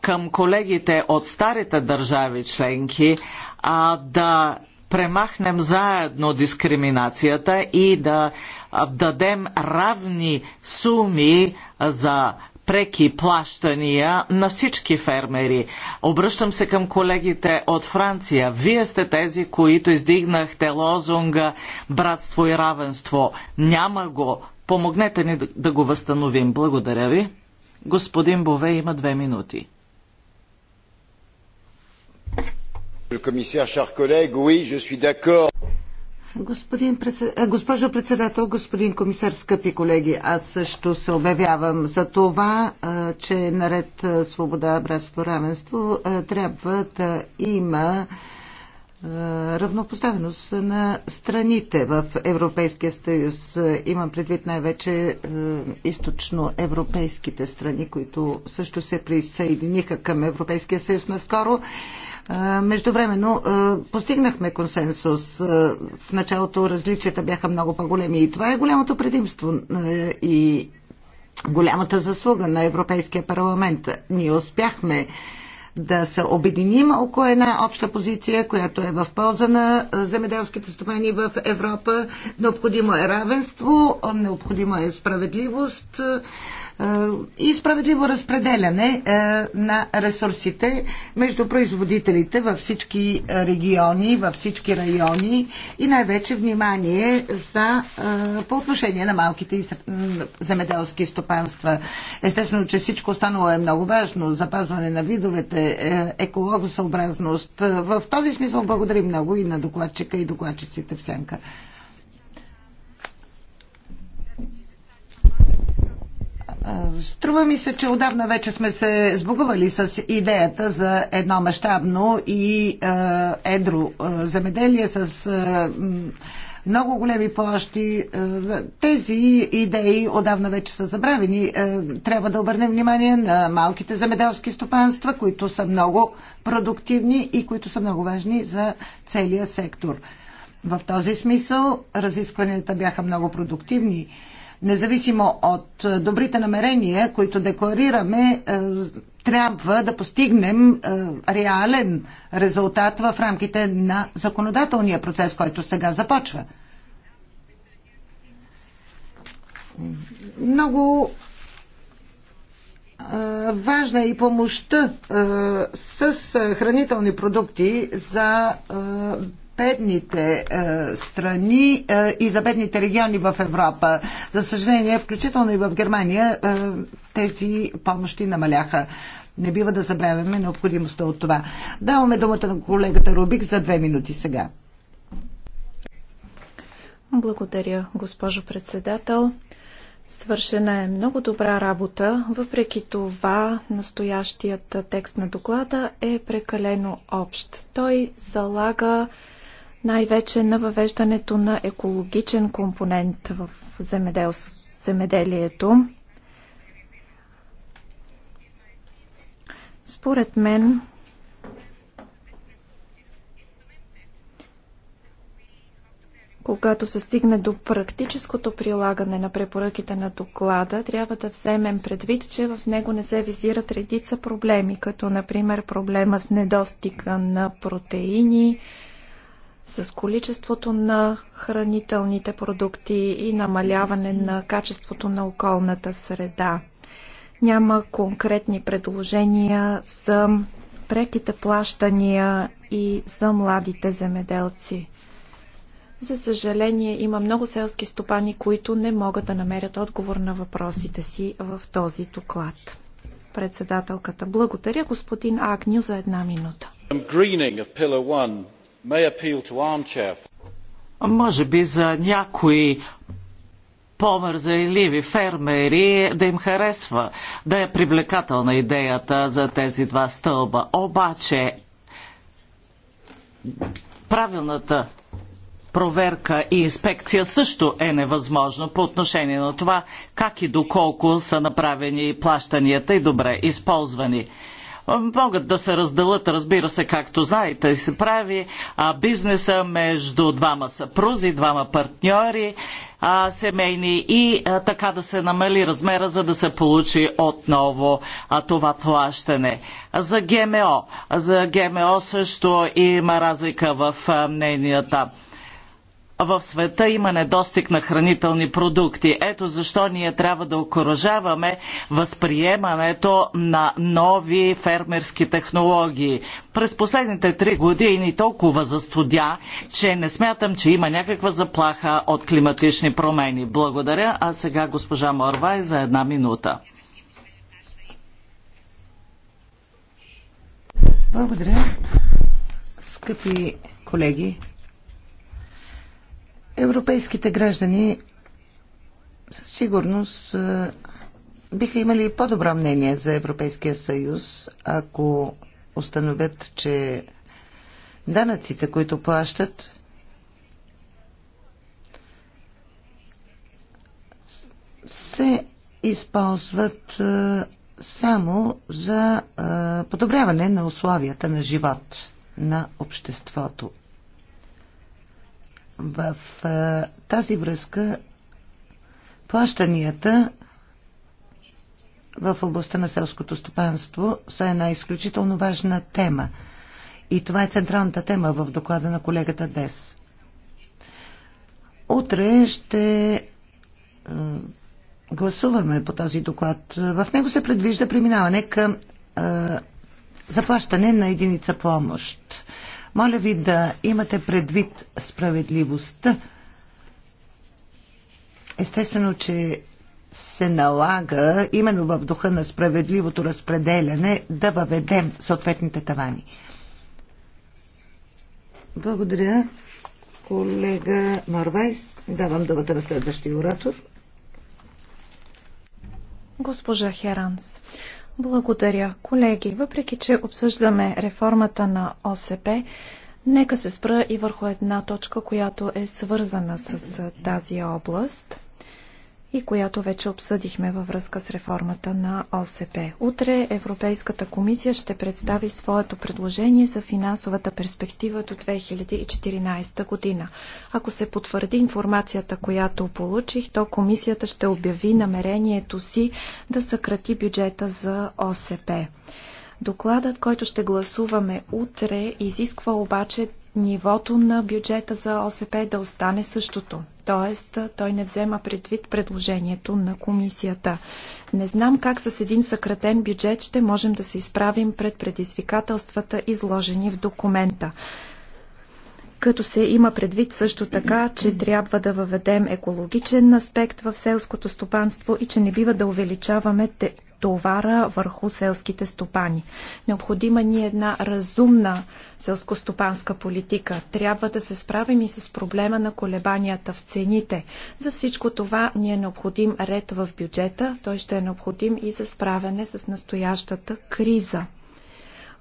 към колегите от старите държави членки а, да премахнем заедно дискриминацията и да дадем равни суми за преки плащания на всички фермери. Обръщам се към колегите от Франция. Вие сте тези, които издигнахте лозунга Братство и равенство. Няма го. Помогнете ни да го възстановим. Благодаря ви. Господин Бове има две минути. Господин председ... Госпожо председател, господин комисар, скъпи колеги, аз също се обявявам за това, че наред свобода, братство, равенство трябва да има равнопоставеност на страните в Европейския съюз. Имам предвид най-вече източноевропейските страни, които също се присъединиха към Европейския съюз наскоро. Междувременно постигнахме консенсус. В началото различията бяха много по-големи и това е голямото предимство и голямата заслуга на Европейския парламент. Ние успяхме да се обединим около една обща позиция, която е в полза на земеделските стопани в Европа. Необходимо е равенство, необходимо е справедливост, е, и справедливо разпределяне е, на ресурсите между производителите във всички региони, във всички райони и най-вече внимание за, е, по отношение на малките и земеделски стопанства. Естествено, че всичко останало е много важно. Запазване на видовете, екологосъобразност. В този смисъл благодарим много и на докладчика и докладчиците в Сенка. Струва ми се, че отдавна вече сме се сбогували с идеята за едно мащабно и едро земеделие с много големи площи. Тези идеи отдавна вече са забравени. Трябва да обърнем внимание на малките замеделски стопанства, които са много продуктивни и които са много важни за целия сектор. В този смисъл разискванията бяха много продуктивни независимо от е, добрите намерения, които декларираме, е, трябва да постигнем е, реален резултат в рамките на законодателния процес, който сега започва. Много важна е и помощта с хранителни продукти за бедните е, страни е, и за бедните региони в Европа. За съжаление, включително и в Германия, е, тези помощи намаляха. Не бива да забравяме необходимостта от това. Даваме думата на колегата Рубик за две минути сега. Благодаря, госпожо председател. Свършена е много добра работа, въпреки това настоящият текст на доклада е прекалено общ. Той залага най-вече на въвеждането на екологичен компонент в земедел... земеделието. Според мен, когато се стигне до практическото прилагане на препоръките на доклада, трябва да вземем предвид, че в него не се визират редица проблеми, като например проблема с недостига на протеини, с количеството на хранителните продукти и намаляване на качеството на околната среда. Няма конкретни предложения за преките плащания и за младите земеделци. За съжаление, има много селски стопани, които не могат да намерят отговор на въпросите си в този доклад. Председателката благодаря господин Агню за една минута. Може би за някои по-мързеливи фермери да им харесва, да е привлекателна идеята за тези два стълба. Обаче правилната проверка и инспекция също е невъзможно по отношение на това как и доколко са направени плащанията и добре използвани могат да се разделят, разбира се, както знаете, и се прави а, бизнеса между двама съпрузи, двама партньори, а, семейни и а, така да се намали размера, за да се получи отново а, това плащане. За ГМО. За ГМО също има разлика в а, мненията в света има недостиг на хранителни продукти. Ето защо ние трябва да окоръжаваме възприемането на нови фермерски технологии. През последните три години толкова застудя, че не смятам, че има някаква заплаха от климатични промени. Благодаря, а сега госпожа Морвай за една минута. Благодаря. Скъпи колеги, Европейските граждани със сигурност биха имали по-добро мнение за Европейския съюз, ако установят, че данъците, които плащат, се използват само за подобряване на условията на живот на обществото. В тази връзка плащанията в областта на селското стопанство са една изключително важна тема. И това е централната тема в доклада на колегата Дес. Утре ще гласуваме по този доклад. В него се предвижда преминаване към заплащане на единица помощ. Моля ви да имате предвид справедливостта. Естествено, че се налага именно в духа на справедливото разпределяне да въведем съответните тавани. Благодаря, колега Марвайс. Давам думата на следващия оратор. Госпожа Херанс, благодаря, колеги. Въпреки, че обсъждаме реформата на ОСП, нека се спра и върху една точка, която е свързана с тази област – и която вече обсъдихме във връзка с реформата на ОСП. Утре Европейската комисия ще представи своето предложение за финансовата перспектива до 2014 година. Ако се потвърди информацията, която получих, то комисията ще обяви намерението си да съкрати бюджета за ОСП. Докладът, който ще гласуваме утре, изисква обаче нивото на бюджета за ОСП да остане същото. Тоест, той не взема предвид предложението на комисията. Не знам как с един съкратен бюджет ще можем да се изправим пред предизвикателствата, изложени в документа като се има предвид също така, че трябва да въведем екологичен аспект в селското стопанство и че не бива да увеличаваме товара върху селските стопани. Необходима ни е една разумна селскостопанска политика. Трябва да се справим и с проблема на колебанията в цените. За всичко това ни е необходим ред в бюджета. Той ще е необходим и за справяне с настоящата криза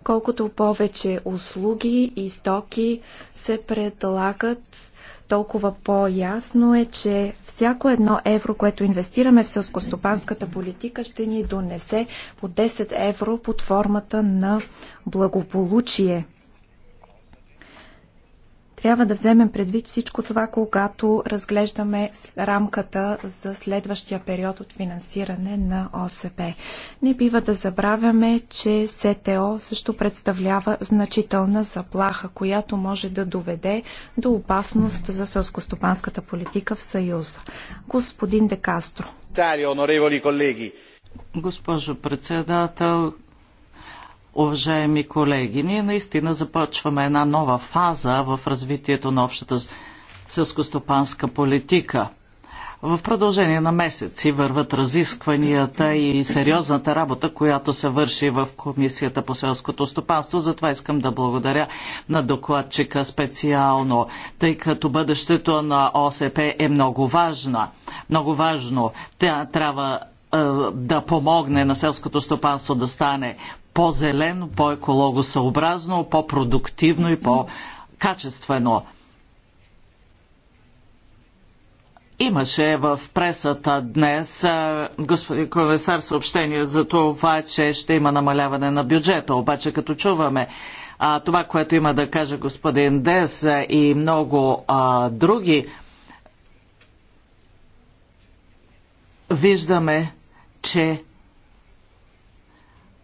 колкото повече услуги и стоки се предлагат толкова по-ясно е, че всяко едно евро, което инвестираме в селскостопанската политика, ще ни донесе по 10 евро под формата на благополучие трябва да вземем предвид всичко това, когато разглеждаме рамката за следващия период от финансиране на ОСП. Не бива да забравяме, че СТО също представлява значителна заплаха, която може да доведе до опасност за селскостопанската политика в Съюза. Господин Декастро. Госпожо председател, уважаеми колеги. Ние наистина започваме една нова фаза в развитието на общата селскостопанска политика. В продължение на месеци върват разискванията и сериозната работа, която се върши в Комисията по селското стопанство. Затова искам да благодаря на докладчика специално, тъй като бъдещето на ОСП е много важно. Много важно. Тя трябва е, да помогне на селското стопанство да стане по-зелено, по-екологосъобразно, по-продуктивно и по-качествено. Имаше в пресата днес, господин комисар, съобщение за това, че ще има намаляване на бюджета. Обаче като чуваме а, това, което има да каже господин Дес и много а, други, виждаме, че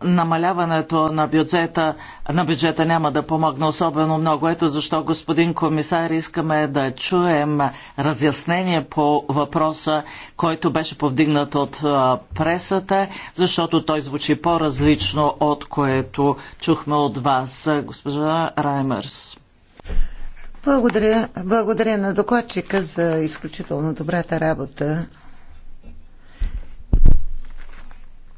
намаляването на бюджета, на бюджета няма да помогне особено много. Ето защо, господин комисар, искаме да чуем разяснение по въпроса, който беше повдигнат от пресата, защото той звучи по-различно от което чухме от вас, госпожа Раймерс. Благодаря, благодаря на докладчика за изключително добрата работа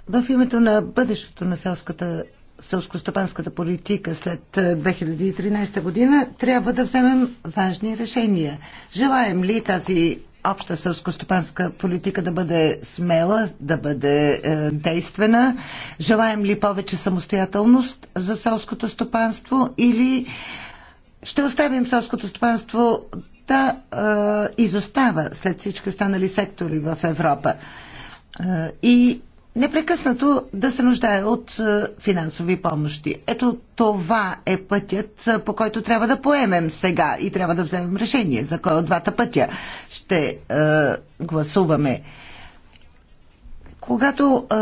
В името на бъдещето на селската селскостопанската политика след 2013 година трябва да вземем важни решения. Желаем ли тази обща селскостопанска политика да бъде смела, да бъде е, действена? Желаем ли повече самостоятелност за селското стопанство или ще оставим селското стопанство да е, изостава след всички останали сектори в Европа? Е, и непрекъснато да се нуждае от е, финансови помощи. Ето това е пътят, е, по който трябва да поемем сега и трябва да вземем решение за кой от двата пътя ще е, гласуваме. Когато е,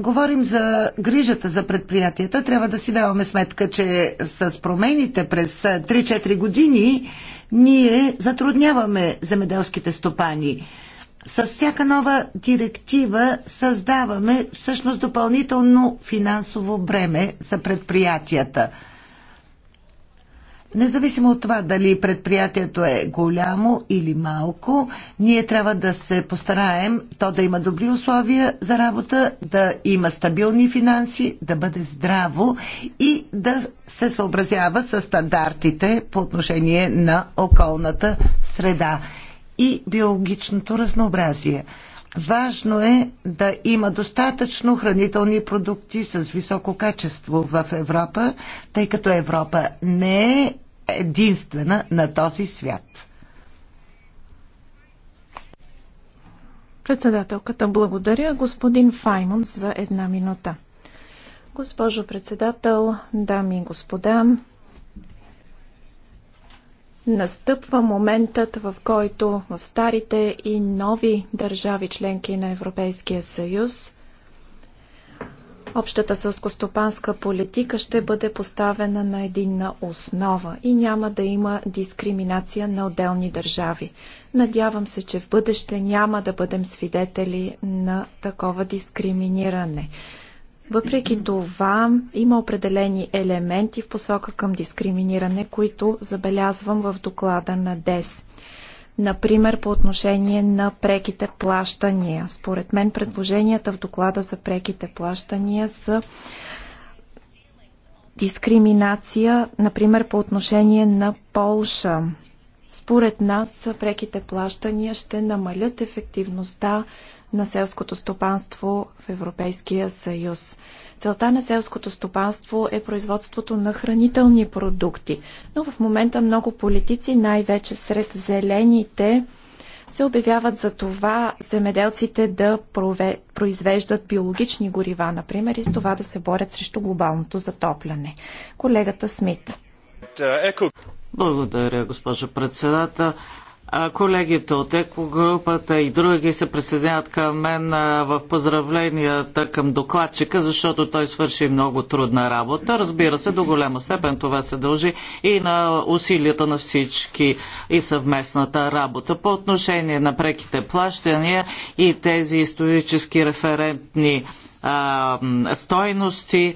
говорим за грижата за предприятията, трябва да си даваме сметка, че с промените през 3-4 е, години ние затрудняваме земеделските стопани с всяка нова директива създаваме всъщност допълнително финансово бреме за предприятията. Независимо от това дали предприятието е голямо или малко, ние трябва да се постараем то да има добри условия за работа, да има стабилни финанси, да бъде здраво и да се съобразява с стандартите по отношение на околната среда и биологичното разнообразие. Важно е да има достатъчно хранителни продукти с високо качество в Европа, тъй като Европа не е единствена на този свят. Председателката благодаря господин Файмонс за една минута. Госпожо председател, дами и господа, Настъпва моментът, в който в старите и нови държави членки на Европейския съюз общата сълскостопанска политика ще бъде поставена на единна основа и няма да има дискриминация на отделни държави. Надявам се, че в бъдеще няма да бъдем свидетели на такова дискриминиране. Въпреки това, има определени елементи в посока към дискриминиране, които забелязвам в доклада на ДЕС. Например, по отношение на преките плащания. Според мен предложенията в доклада за преките плащания са дискриминация, например, по отношение на Полша. Според нас, преките плащания ще намалят ефективността на селското стопанство в Европейския съюз. Целта на селското стопанство е производството на хранителни продукти, но в момента много политици, най-вече сред зелените, се обявяват за това земеделците да прове... произвеждат биологични горива, например, и с това да се борят срещу глобалното затопляне. Колегата Смит. Е, Благодаря, госпожо председател. Колегите от екогрупата и други се присъединяват към мен в поздравленията към докладчика, защото той свърши много трудна работа. Разбира се, до голяма степен това се дължи и на усилията на всички и съвместната работа. По отношение на преките плащания и тези исторически референтни стойности,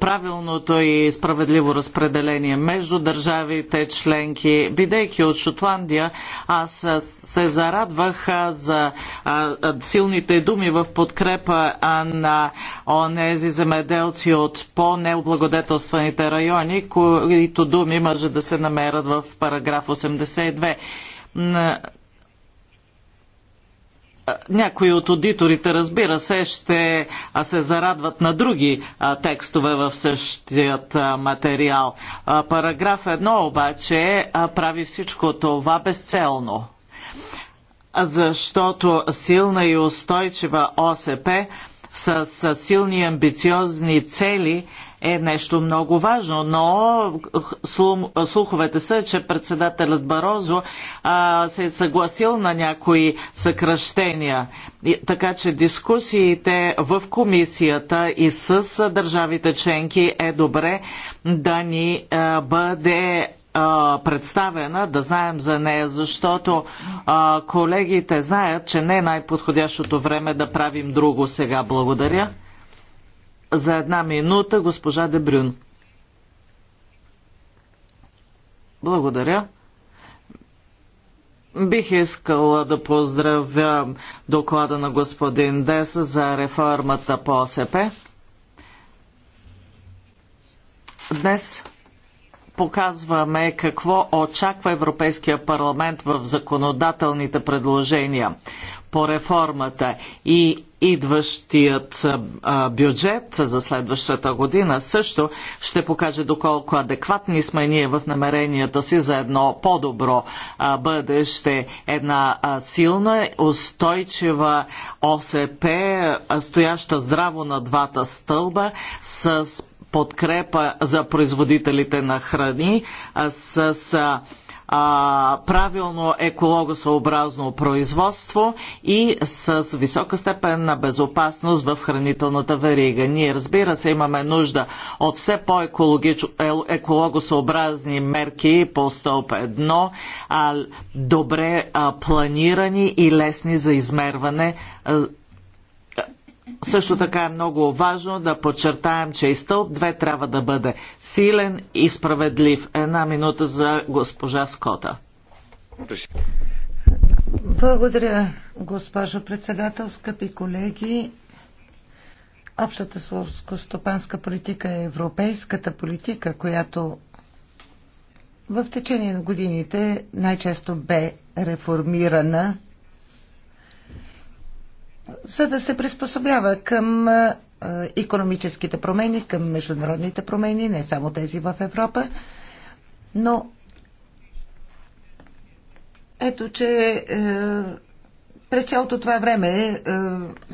правилното и справедливо разпределение между държавите членки. Бидейки от Шотландия, аз се зарадвах за силните думи в подкрепа на онези земеделци от по-необлагодетелстваните райони, които думи може да се намерят в параграф 82 някои от аудиторите, разбира се, ще се зарадват на други текстове в същият материал. Параграф 1 обаче прави всичко това безцелно. Защото силна и устойчива ОСП с силни и амбициозни цели – е нещо много важно, но слуховете са, че председателят Барозо а, се е съгласил на някои съкръщения. И, така че дискусиите в комисията и с държавите членки е добре да ни а, бъде представена, да знаем за нея, защото а, колегите знаят, че не е най-подходящото време да правим друго сега. Благодаря за една минута госпожа Дебрюн. Благодаря. Бих искала да поздравя доклада на господин Дес за реформата по ОСП. Днес показваме какво очаква Европейския парламент в законодателните предложения по реформата и идващият бюджет за следващата година също ще покаже доколко адекватни сме ние в намеренията си за едно по-добро бъдеще, една силна, устойчива ОСП, стояща здраво на двата стълба с подкрепа за производителите на храни, с а, правилно екологосъобразно производство и с висока степен на безопасност в хранителната верига. Ние, разбира се, имаме нужда от все по-екологосъобразни е, мерки по стълб 1, а, добре а, планирани и лесни за измерване а, също така е много важно да подчертаем, че и стълб 2 трябва да бъде силен и справедлив. Една минута за госпожа Скота. Благодаря, госпожо председател, скъпи колеги. Общата стопанска политика е европейската политика, която в течение на годините най-често бе реформирана за да се приспособява към економическите промени, към международните промени, не само тези в Европа, но ето, че е, през цялото това време е,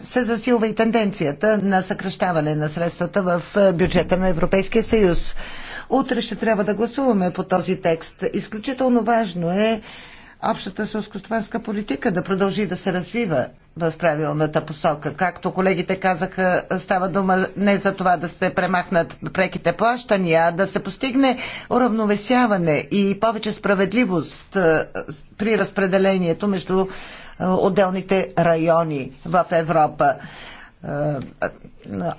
се засилва и тенденцията на съкръщаване на средствата в е, бюджета на Европейския съюз. Утре ще трябва да гласуваме по този текст. Изключително важно е общата селскостопанска политика да продължи да се развива в правилната посока. Както колегите казаха, става дума не за това да се премахнат преките плащания, а да се постигне уравновесяване и повече справедливост е, при разпределението между е, отделните райони в Европа. Е,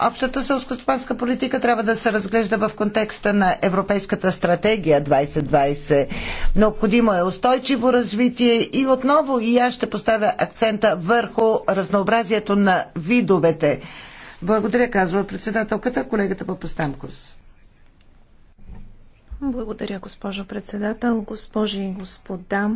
общата селскостопанска политика трябва да се разглежда в контекста на Европейската стратегия 2020. Необходимо е устойчиво развитие и отново и аз ще поставя акцента върху разнообразието на видовете. Благодаря, казва председателката, колегата Папастамкос. Благодаря, госпожо председател, госпожи и господа.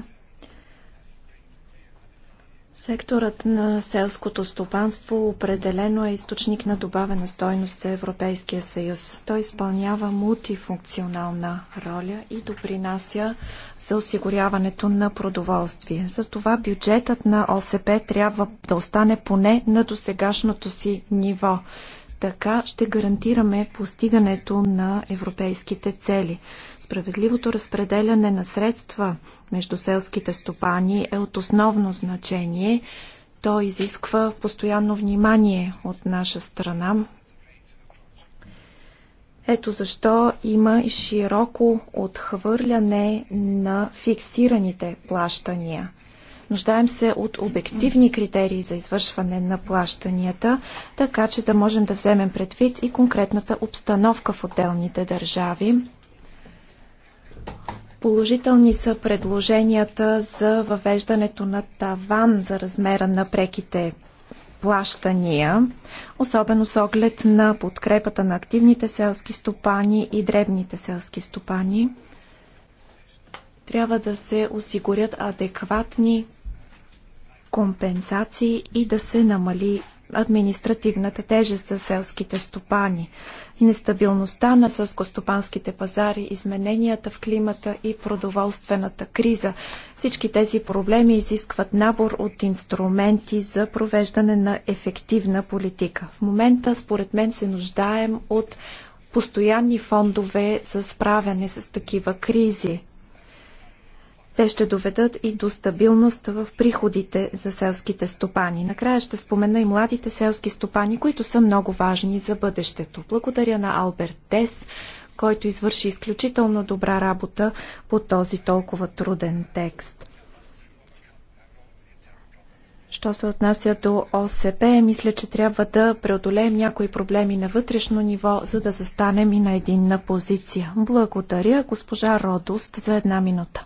Секторът на селското стопанство определено е източник на добавена стойност за Европейския съюз. Той изпълнява мултифункционална роля и допринася за осигуряването на продоволствие. Затова бюджетът на ОСП трябва да остане поне на досегашното си ниво. Така ще гарантираме постигането на европейските цели. Справедливото разпределяне на средства между селските стопани е от основно значение. То изисква постоянно внимание от наша страна. Ето защо има и широко отхвърляне на фиксираните плащания – Нуждаем се от обективни критерии за извършване на плащанията, така че да можем да вземем предвид и конкретната обстановка в отделните държави. Положителни са предложенията за въвеждането на таван за размера на преките плащания, особено с оглед на подкрепата на активните селски стопани и дребните селски стопани. Трябва да се осигурят адекватни компенсации и да се намали административната тежест за селските стопани. Нестабилността на сълскостопанските пазари, измененията в климата и продоволствената криза. Всички тези проблеми изискват набор от инструменти за провеждане на ефективна политика. В момента, според мен, се нуждаем от постоянни фондове за справяне с такива кризи. Те ще доведат и до стабилност в приходите за селските стопани. Накрая ще спомена и младите селски стопани, които са много важни за бъдещето. Благодаря на Алберт Тес, който извърши изключително добра работа по този толкова труден текст. Що се отнася до ОСП, мисля, че трябва да преодолеем някои проблеми на вътрешно ниво, за да застанем и на единна позиция. Благодаря госпожа Родост за една минута.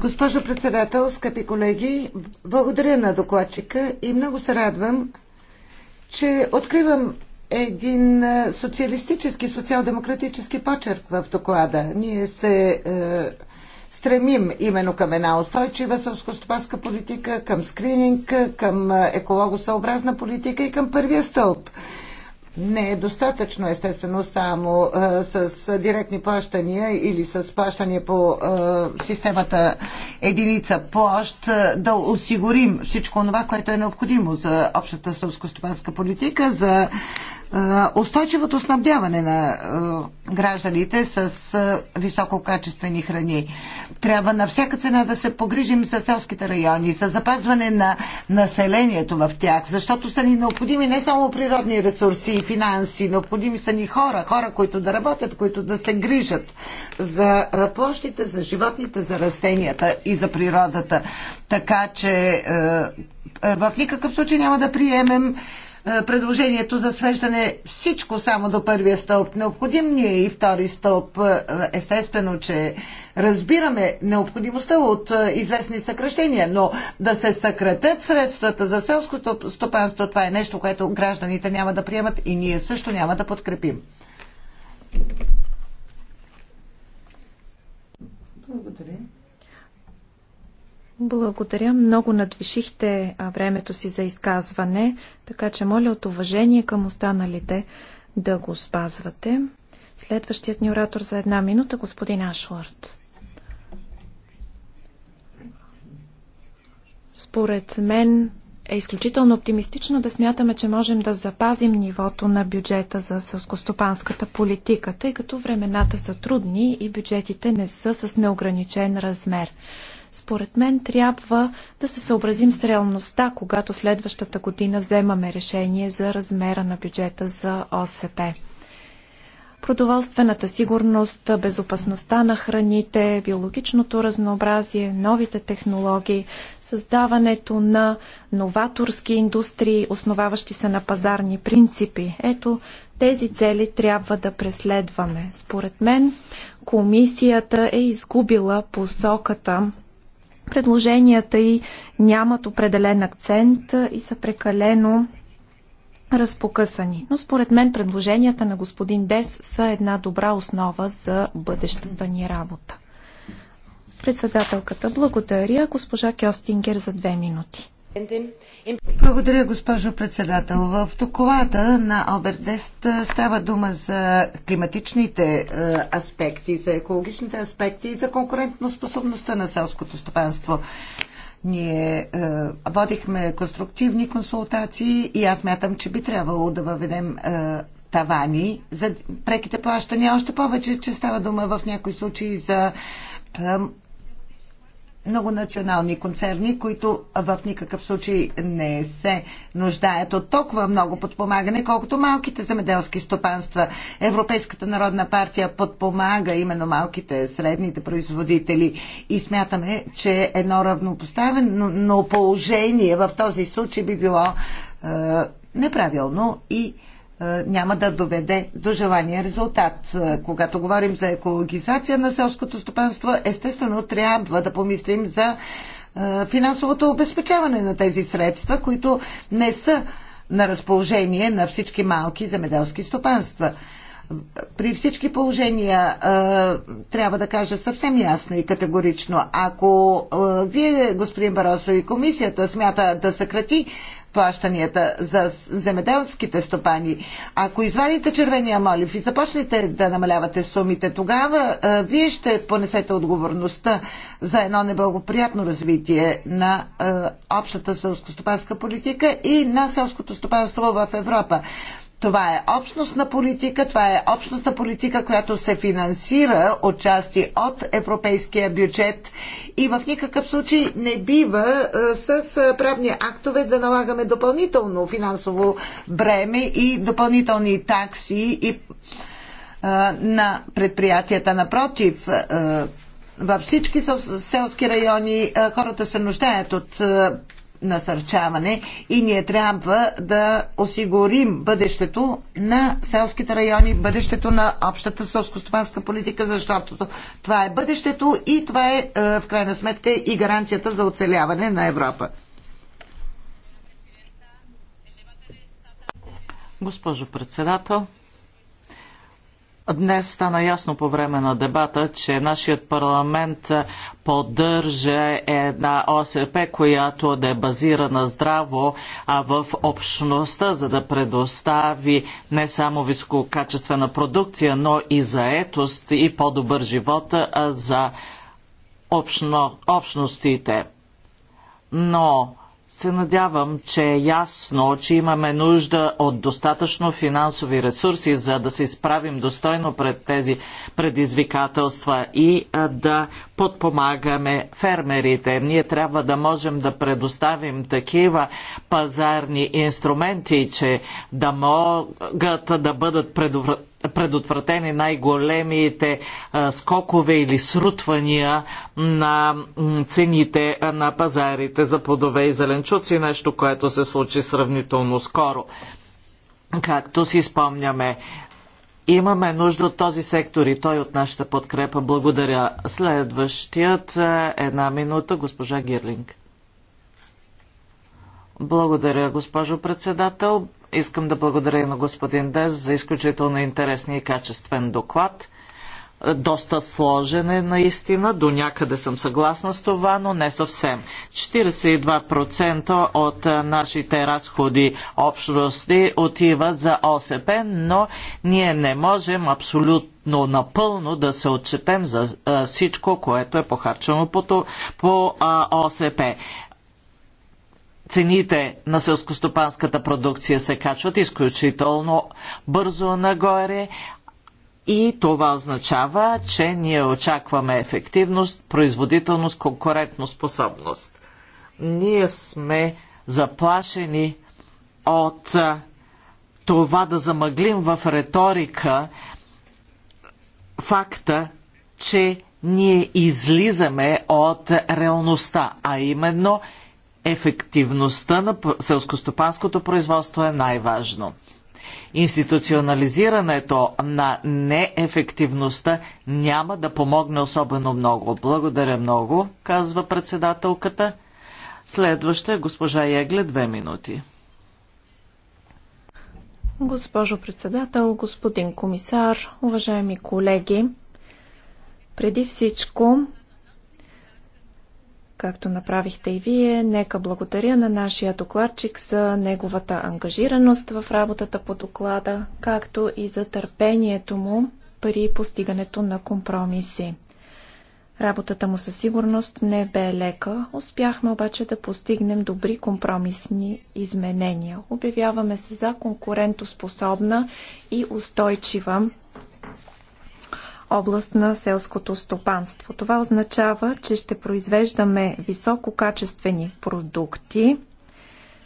Госпожо председател, скъпи колеги, благодаря на докладчика и много се радвам, че откривам един социалистически, социал-демократически почерк в доклада. Ние се е, стремим именно към една устойчива сълскостопанска политика, към скрининг, към екологосъобразна политика и към първия стълб – не е достатъчно, естествено, само а, е, с директни плащания или с плащания по а, е, системата единица площ е, да осигурим всичко това, което е необходимо за общата сълскостопанска политика, за устойчивото снабдяване на гражданите с висококачествени храни. Трябва на всяка цена да се погрижим за селските райони, за запазване на населението в тях, защото са ни необходими не само природни ресурси и финанси, необходими са ни хора, хора, които да работят, които да се грижат за площите, за животните, за растенията и за природата. Така че в никакъв случай няма да приемем е, предложението за свеждане всичко само до първия стълб. Необходим ни е и втори стълб. Е, естествено, че разбираме необходимостта от е, известни съкръщения, но да се съкратят средствата за селското стопанство, това е нещо, което гражданите няма да приемат и ние също няма да подкрепим. Благодаря. Благодаря. Много надвишихте времето си за изказване, така че моля от уважение към останалите да го спазвате. Следващият ни оратор за една минута, господин Ашвард. Според мен е изключително оптимистично да смятаме, че можем да запазим нивото на бюджета за селскостопанската политика, тъй като времената са трудни и бюджетите не са с неограничен размер. Според мен трябва да се съобразим с реалността, когато следващата година вземаме решение за размера на бюджета за ОСП продоволствената сигурност, безопасността на храните, биологичното разнообразие, новите технологии, създаването на новаторски индустрии, основаващи се на пазарни принципи. Ето, тези цели трябва да преследваме. Според мен, комисията е изгубила посоката Предложенията й нямат определен акцент и са прекалено разпокъсани. Но според мен предложенията на господин Дес са една добра основа за бъдещата ни работа. Председателката благодаря госпожа Кьостингер за две минути. Благодаря, госпожо председател. В доклада на Алберт Дест става дума за климатичните аспекти, за екологичните аспекти и за конкурентоспособността на селското стопанство. Ние е, водихме конструктивни консултации и аз мятам, че би трябвало да въведем е, тавани за преките плащания. Още повече, че става дума в някои случаи за многонационални концерни, които в никакъв случай не се нуждаят от толкова много подпомагане, колкото малките земеделски стопанства. Европейската народна партия подпомага именно малките, средните производители и смятаме, че едно равнопоставено положение в този случай би било е, неправилно и няма да доведе до желания резултат. Когато говорим за екологизация на селското стопанство, естествено трябва да помислим за финансовото обезпечаване на тези средства, които не са на разположение на всички малки земеделски стопанства. При всички положения трябва да кажа съвсем ясно и категорично, ако вие, господин Баросо и комисията смята да съкрати плащанията за земеделските стопани, ако извадите червения молив и започнете да намалявате сумите, тогава вие ще понесете отговорността за едно неблагоприятно развитие на общата общата селскостопанска политика и на селското стопанство в Европа. Това е общностна политика, това е общностна политика, която се финансира от части от европейския бюджет и в никакъв случай не бива е, с е, правни актове да налагаме допълнително финансово бреме и допълнителни такси и е, на предприятията. Напротив, във всички селски райони хората се нуждаят от насърчаване и ние трябва да осигурим бъдещето на селските райони, бъдещето на общата селскостопанска политика, защото това е бъдещето и това е, е в крайна сметка и гаранцията за оцеляване на Европа. Госпожо председател, Днес стана ясно по време на дебата, че нашият парламент поддържа една ОСП, която да е базирана здраво а в общността, за да предостави не само висококачествена продукция, но и заетост и по-добър живот за общно, общностите. Но се надявам, че е ясно, че имаме нужда от достатъчно финансови ресурси, за да се изправим достойно пред тези предизвикателства и да подпомагаме фермерите. Ние трябва да можем да предоставим такива пазарни инструменти, че да могат да бъдат предотвратени предотвратени най-големите скокове или срутвания на цените на пазарите за плодове и зеленчуци, нещо, което се случи сравнително скоро. Както си спомняме, имаме нужда от този сектор и той от нашата подкрепа. Благодаря. Следващият една минута, госпожа Гирлинг. Благодаря, госпожо председател. Искам да благодаря на господин Дес за изключително интересния и качествен доклад. Доста сложен е наистина, до някъде съм съгласна с това, но не съвсем. 42% от нашите разходи общности отиват за ОСП, но ние не можем абсолютно напълно да се отчетем за всичко, което е похарчено по, по ОСП цените на селскостопанската продукция се качват изключително бързо нагоре и това означава, че ние очакваме ефективност, производителност, способност. Ние сме заплашени от това да замъглим в риторика факта, че ние излизаме от реалността, а именно – ефективността на селскостопанското производство е най-важно. Институционализирането на неефективността няма да помогне особено много. Благодаря много, казва председателката. Следваща е госпожа Егле, две минути. Госпожо председател, господин комисар, уважаеми колеги, преди всичко както направихте и вие. Нека благодаря на нашия докладчик за неговата ангажираност в работата по доклада, както и за търпението му при постигането на компромиси. Работата му със сигурност не бе лека, успяхме обаче да постигнем добри компромисни изменения. Обявяваме се за конкурентоспособна и устойчива област на селското стопанство. Това означава, че ще произвеждаме висококачествени продукти.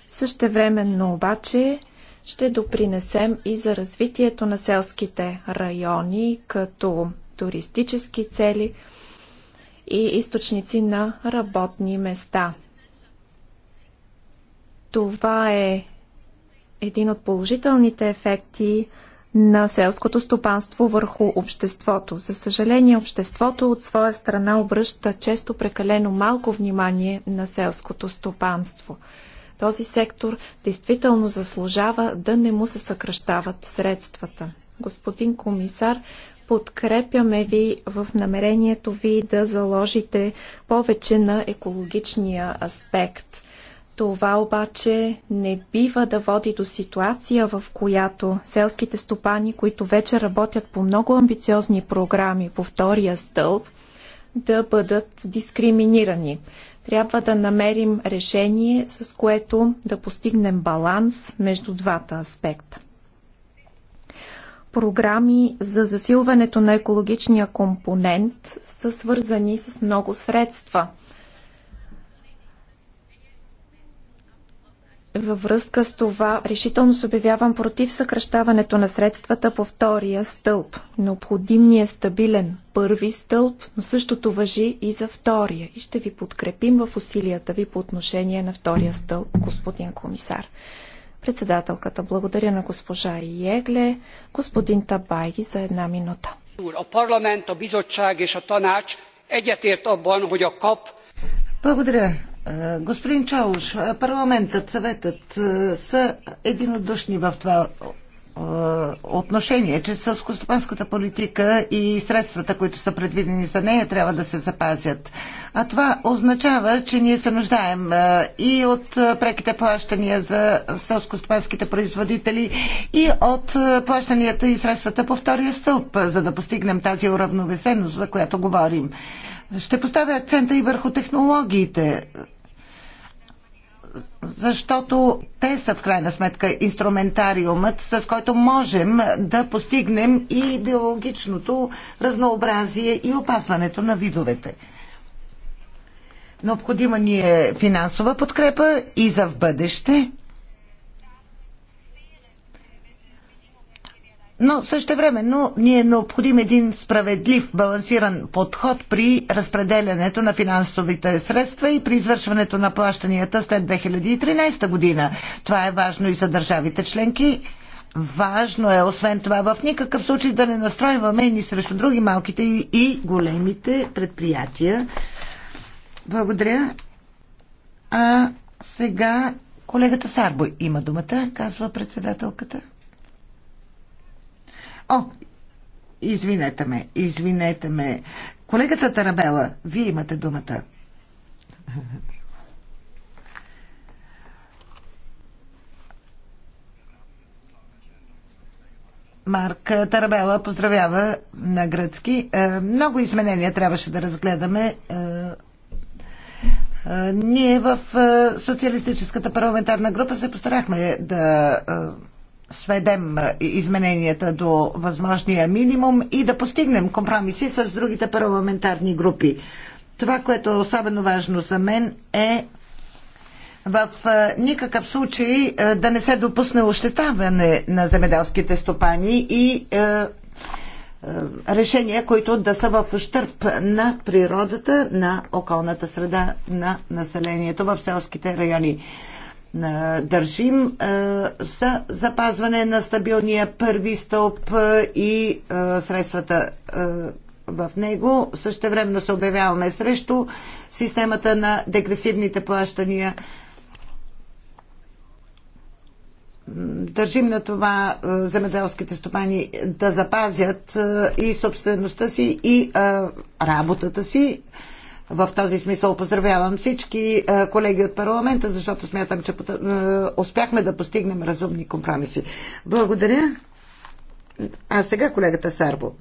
Същевременно обаче ще допринесем и за развитието на селските райони като туристически цели и източници на работни места. Това е един от положителните ефекти на селското стопанство върху обществото. За съжаление, обществото от своя страна обръща често прекалено малко внимание на селското стопанство. Този сектор действително заслужава да не му се съкръщават средствата. Господин комисар, подкрепяме ви в намерението ви да заложите повече на екологичния аспект – това обаче не бива да води до ситуация, в която селските стопани, които вече работят по много амбициозни програми по втория стълб, да бъдат дискриминирани. Трябва да намерим решение, с което да постигнем баланс между двата аспекта. Програми за засилването на екологичния компонент са свързани с много средства – Във връзка с това, решително се обявявам против съкръщаването на средствата по втория стълб. Необходим ни е стабилен първи стълб, но същото въжи и за втория. И ще ви подкрепим в усилията ви по отношение на втория стълб, господин комисар. Председателката благодаря на госпожа Егле, господин Табайги за една минута. Благодаря, е, господин Чалуш, е, парламентът, съветът е, са единодушни в това отношение, че сълскостопанската политика и средствата, които са предвидени за нея, трябва да се запазят. А това означава, че ние се нуждаем и от преките плащания за сълскостопанските производители и от плащанията и средствата по втория стълб, за да постигнем тази уравновесеност, за която говорим. Ще поставя акцента и върху технологиите защото те са в крайна сметка инструментариумът, с който можем да постигнем и биологичното разнообразие и опазването на видовете. Необходима ни е финансова подкрепа и за в бъдеще – Но също времено ни е необходим един справедлив, балансиран подход при разпределянето на финансовите средства и при извършването на плащанията след 2013 година. Това е важно и за държавите членки. Важно е, освен това, в никакъв случай да не настройваме ни срещу други малките и големите предприятия. Благодаря. А сега колегата Сарбой има думата, казва председателката. О, извинете ме, извинете ме. Колегата Тарабела, вие имате думата. Марк Тарабела поздравява на гръцки. Е, много изменения трябваше да разгледаме. Е, е, ние в Социалистическата парламентарна група се постарахме да сведем е, измененията до възможния минимум и да постигнем компромиси с другите парламентарни групи. Това, което е особено важно за мен е в е, никакъв случай е, да не се допусне ощетаване на земеделските стопани и решения, които да са в ущърп на природата, на околната среда, на населението в селските райони. Е, държим е, за запазване на стабилния първи стълб е, и средствата в него. времено се обявяваме срещу системата на дегресивните плащания. Държим на това земеделските стопани да запазят и собствеността си, и работата си в този смисъл поздравявам всички е, колеги от парламента, защото смятам, че е, успяхме да постигнем разумни компромиси. Благодаря. А сега колегата Сарбо.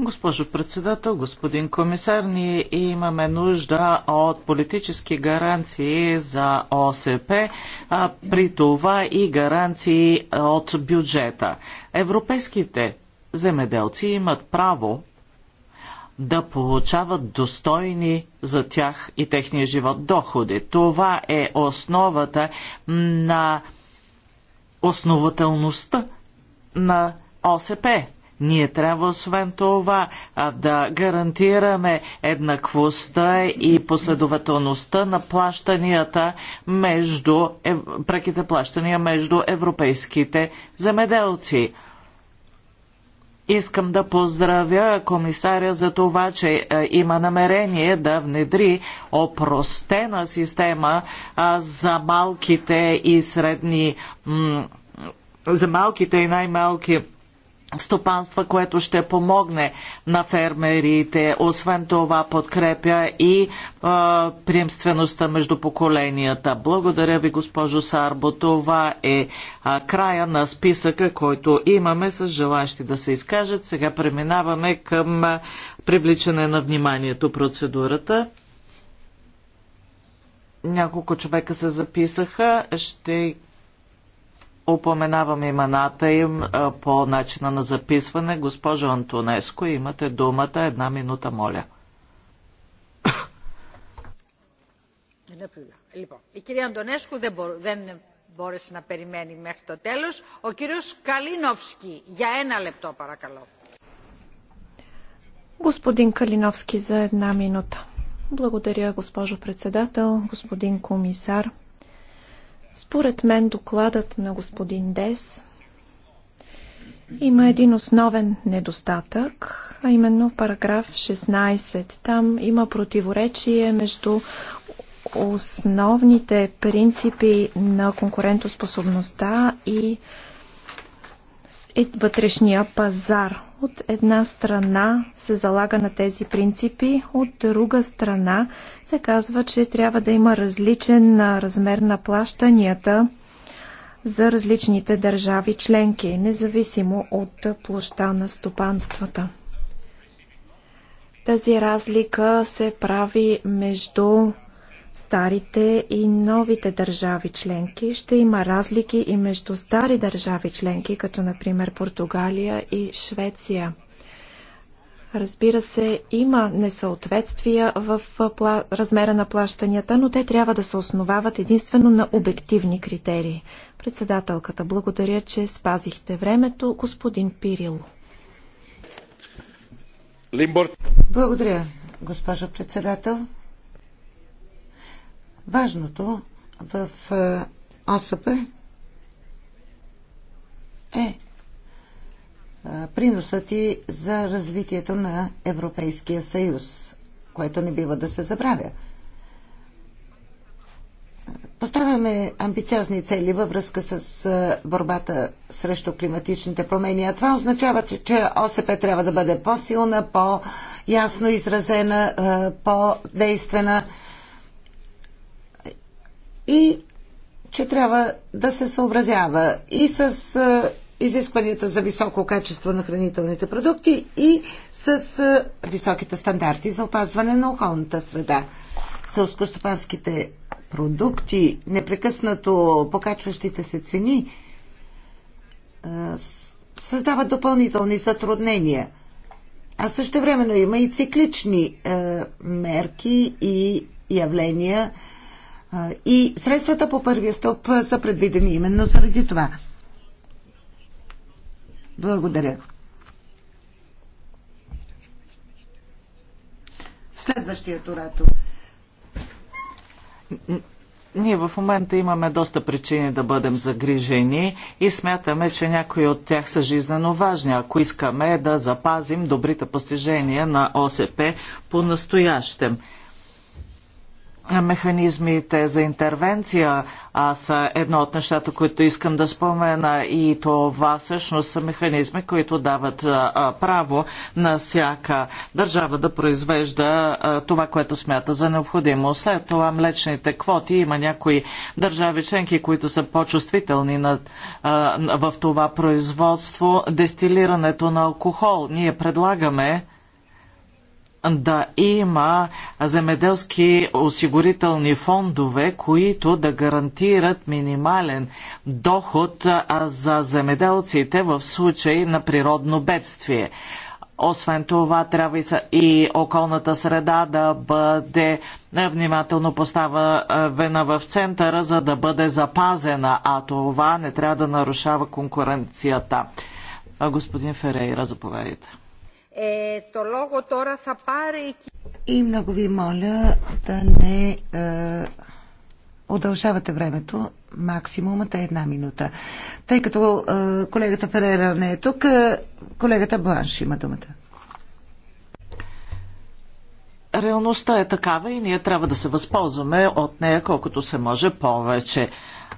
Госпожо председател, господин комисар, ние имаме нужда от политически гаранции за ОСП, а при това и гаранции от бюджета. Европейските земеделци имат право да получават достойни за тях и техния живот доходи. Това е основата на основателността на ОСП. Ние трябва освен това да гарантираме еднаквостта и последователността на плащанията между преките плащания между европейските земеделци. Искам да поздравя комисаря за това, че е, има намерение да внедри опростена система за малките и средни за малките и най-малки стопанства, което ще помогне на фермерите. Освен това подкрепя и приемствеността между поколенията. Благодаря ви, госпожо Сарбо. Това е края на списъка, който имаме с желащи да се изкажат. Сега преминаваме към привличане на вниманието процедурата. Няколко човека се записаха. Ще упоменавам имената им по начина на записване. Госпожо Антонеско, имате думата. Една минута, моля. η κυρία Αντωνέσκου δεν, μπο, δεν μπόρεσε να περιμένει μέχρι το τέλος. Ο κύριος Καλίνοφσκι, για ένα λεπτό παρακαλώ. Господин Калиновски за една минута. Благодаря, госпожо председател, господин комисар. Според мен докладът на господин Дес има един основен недостатък, а именно параграф 16. Там има противоречие между основните принципи на конкурентоспособността и е вътрешния пазар. От една страна се залага на тези принципи, от друга страна се казва, че трябва да има различен размер на плащанията за различните държави членки, независимо от площа на стопанствата. Тази разлика се прави между старите и новите държави членки. Ще има разлики и между стари държави членки, като например Португалия и Швеция. Разбира се, има несъответствия в пла... размера на плащанията, но те трябва да се основават единствено на обективни критерии. Председателката, благодаря, че спазихте времето, господин Пирил. Благодаря, госпожо председател. Важното в ОСП е приносът и за развитието на Европейския съюз, което не бива да се забравя. Поставяме амбициозни цели във връзка с борбата срещу климатичните промени, а това означава, че, че ОСП трябва да бъде по-силна, по-ясно изразена, по-действена и че трябва да се съобразява и с изискванията за високо качество на хранителните продукти и с високите стандарти за опазване на охолната среда. Сълскостопанските продукти, непрекъснато покачващите се цени, създават допълнителни затруднения. А също времено има и циклични мерки и явления – и средствата по първия стълб са предвидени именно заради това. Благодаря. Следващият оратор. Ние в момента имаме доста причини да бъдем загрижени и смятаме, че някои от тях са жизненно важни, ако искаме да запазим добрите постижения на ОСП по настоящем механизмите за интервенция аз са едно от нещата, които искам да спомена и това всъщност са механизми, които дават право на всяка държава да произвежда това, което смята за необходимо. След това млечните квоти има някои държави членки, които са по-чувствителни на, в това производство. Дестилирането на алкохол. Ние предлагаме да има земеделски осигурителни фондове, които да гарантират минимален доход за земеделците в случай на природно бедствие. Освен това, трябва и околната среда да бъде е, внимателно поставена е, в центъра, за да бъде запазена, а това не трябва да нарушава конкуренцията. Господин Ферейра, заповядайте. Е, и много ви моля да не е, удължавате времето. Максимумът е една минута. Тъй като е, колегата Ферера не е тук, е, колегата Бланш има думата. Реалността е такава и ние трябва да се възползваме от нея колкото се може повече.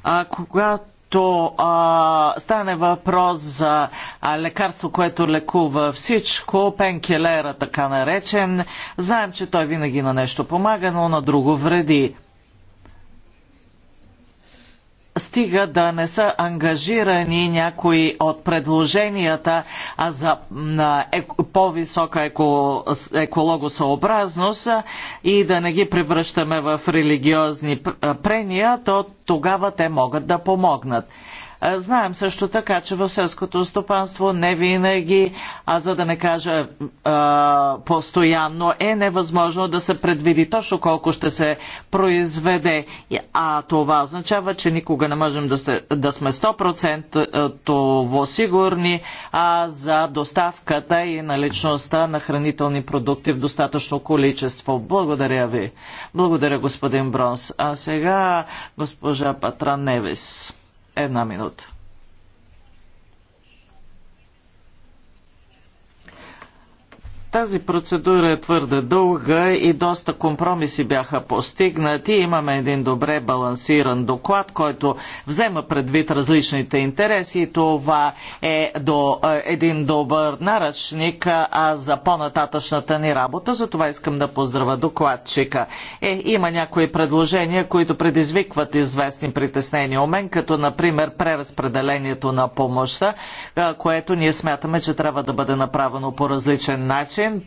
А когато когато а, стане въпрос за а, лекарство, което лекува всичко, пенкелера така наречен, знаем, че той винаги на нещо помага, но на друго вреди стига да не са ангажирани някои от предложенията а за по-висока еко, екологосъобразност и да не ги превръщаме в религиозни прения, то тогава те могат да помогнат. Знаем също така, че в селското стопанство не винаги, а за да не кажа а, постоянно, е невъзможно да се предвиди точно колко ще се произведе. А това означава, че никога не можем да, сте, да сме 100% сигурни а, за доставката и наличността на хранителни продукти в достатъчно количество. Благодаря ви. Благодаря, господин Бронс. А сега госпожа Патра Невис една минута. Тази процедура е твърде дълга и доста компромиси бяха постигнати. Имаме един добре балансиран доклад, който взема предвид различните интереси. Това е до, е, един добър наръчник а за по-нататъчната ни работа. За това искам да поздравя докладчика. Е, има някои предложения, които предизвикват известни притеснения у мен, като например преразпределението на помощта, което ние смятаме, че трябва да бъде направено по различен начин начин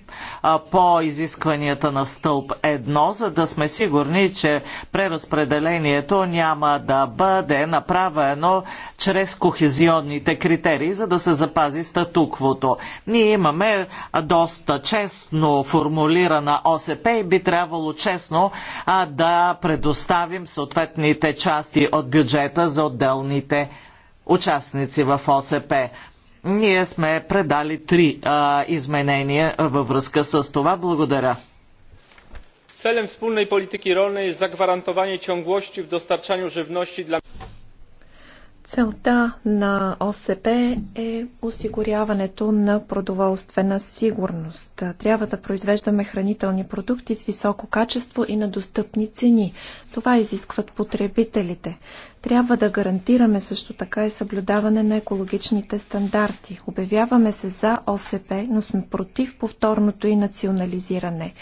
по изискванията на стълб 1, за да сме сигурни, че преразпределението няма да бъде направено чрез кохезионните критерии, за да се запази статуквото. Ние имаме доста честно формулирана ОСП и би трябвало честно да предоставим съответните части от бюджета за отделните участници в ОСП. Ние сме предали три а, изменения във връзка с това. Благодаря. Celem wspólnej polityki rolnej jest zagwarantowanie чонглощи в dostarczaniu живности для... Целта на ОСП е осигуряването на продоволствена сигурност. Трябва да произвеждаме хранителни продукти с високо качество и на достъпни цени. Това изискват потребителите. Трябва да гарантираме също така и съблюдаване на екологичните стандарти. Обявяваме се за ОСП, но сме против повторното и национализиране.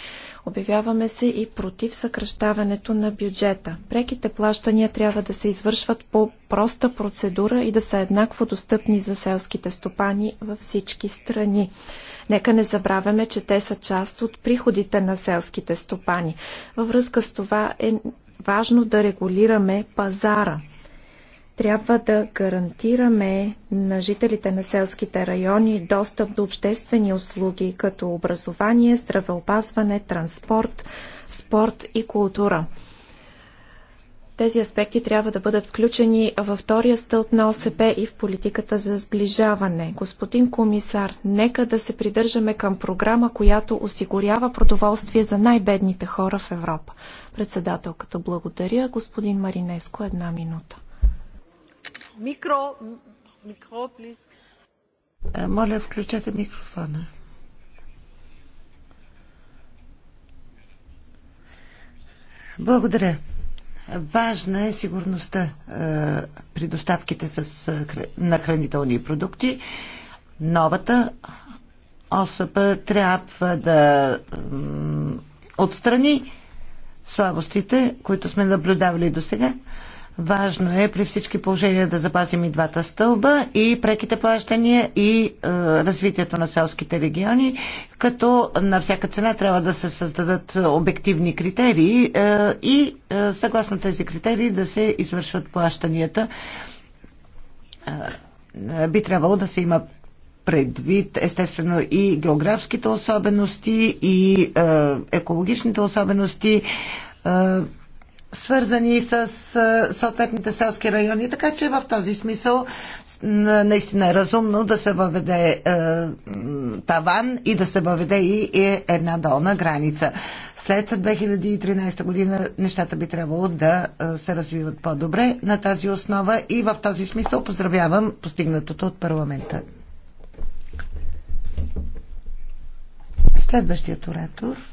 Обявяваме се и против съкръщаването на бюджета. Преките плащания трябва да се извършват по проста процедура и да са еднакво достъпни за селските стопани във всички страни. Нека не забравяме, че те са част от приходите на селските стопани. Във връзка с това е важно да регулираме пазара. Трябва да гарантираме на жителите на селските райони достъп до обществени услуги, като образование, здравеопазване, транспорт, спорт и култура. Тези аспекти трябва да бъдат включени във втория стълб на ОСП и в политиката за сближаване. Господин комисар, нека да се придържаме към програма, която осигурява продоволствие за най-бедните хора в Европа. Председателката благодаря. Господин Маринеско, една минута. Моля, включете микрофона. Благодаря. Важна е сигурността при доставките с, на хранителни продукти. Новата особа трябва да отстрани слабостите, които сме наблюдавали до сега. Важно е при всички положения да запазим и двата стълба и преките плащания и е, развитието на селските региони, като на всяка цена трябва да се създадат обективни критерии е, и е, съгласно тези критерии да се извършват плащанията. Е, би трябвало да се има предвид естествено и географските особености и е, екологичните особености. Е, свързани с съответните селски райони, така че в този смисъл наистина е разумно да се въведе е, таван и да се въведе и една долна граница. След 2013 година нещата би трябвало да е, се развиват по-добре на тази основа и в този смисъл поздравявам постигнатото от парламента. Следващият оратор –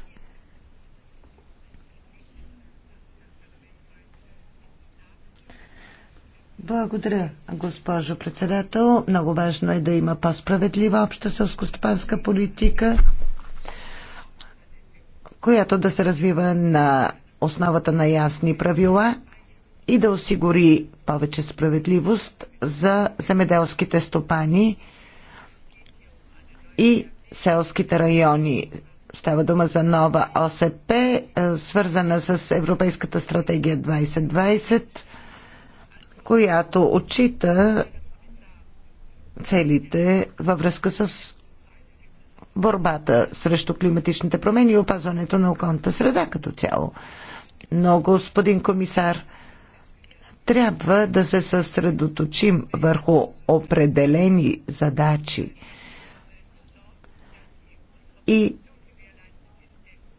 Благодаря, госпожо председател. Много важно е да има по-справедлива обща селскостопанска политика, която да се развива на основата на ясни правила и да осигури повече справедливост за земеделските стопани и селските райони. Става дума за нова ОСП, е, свързана с Европейската стратегия 2020 която отчита целите във връзка с борбата срещу климатичните промени и опазването на околната среда като цяло. Но, господин комисар, трябва да се съсредоточим върху определени задачи и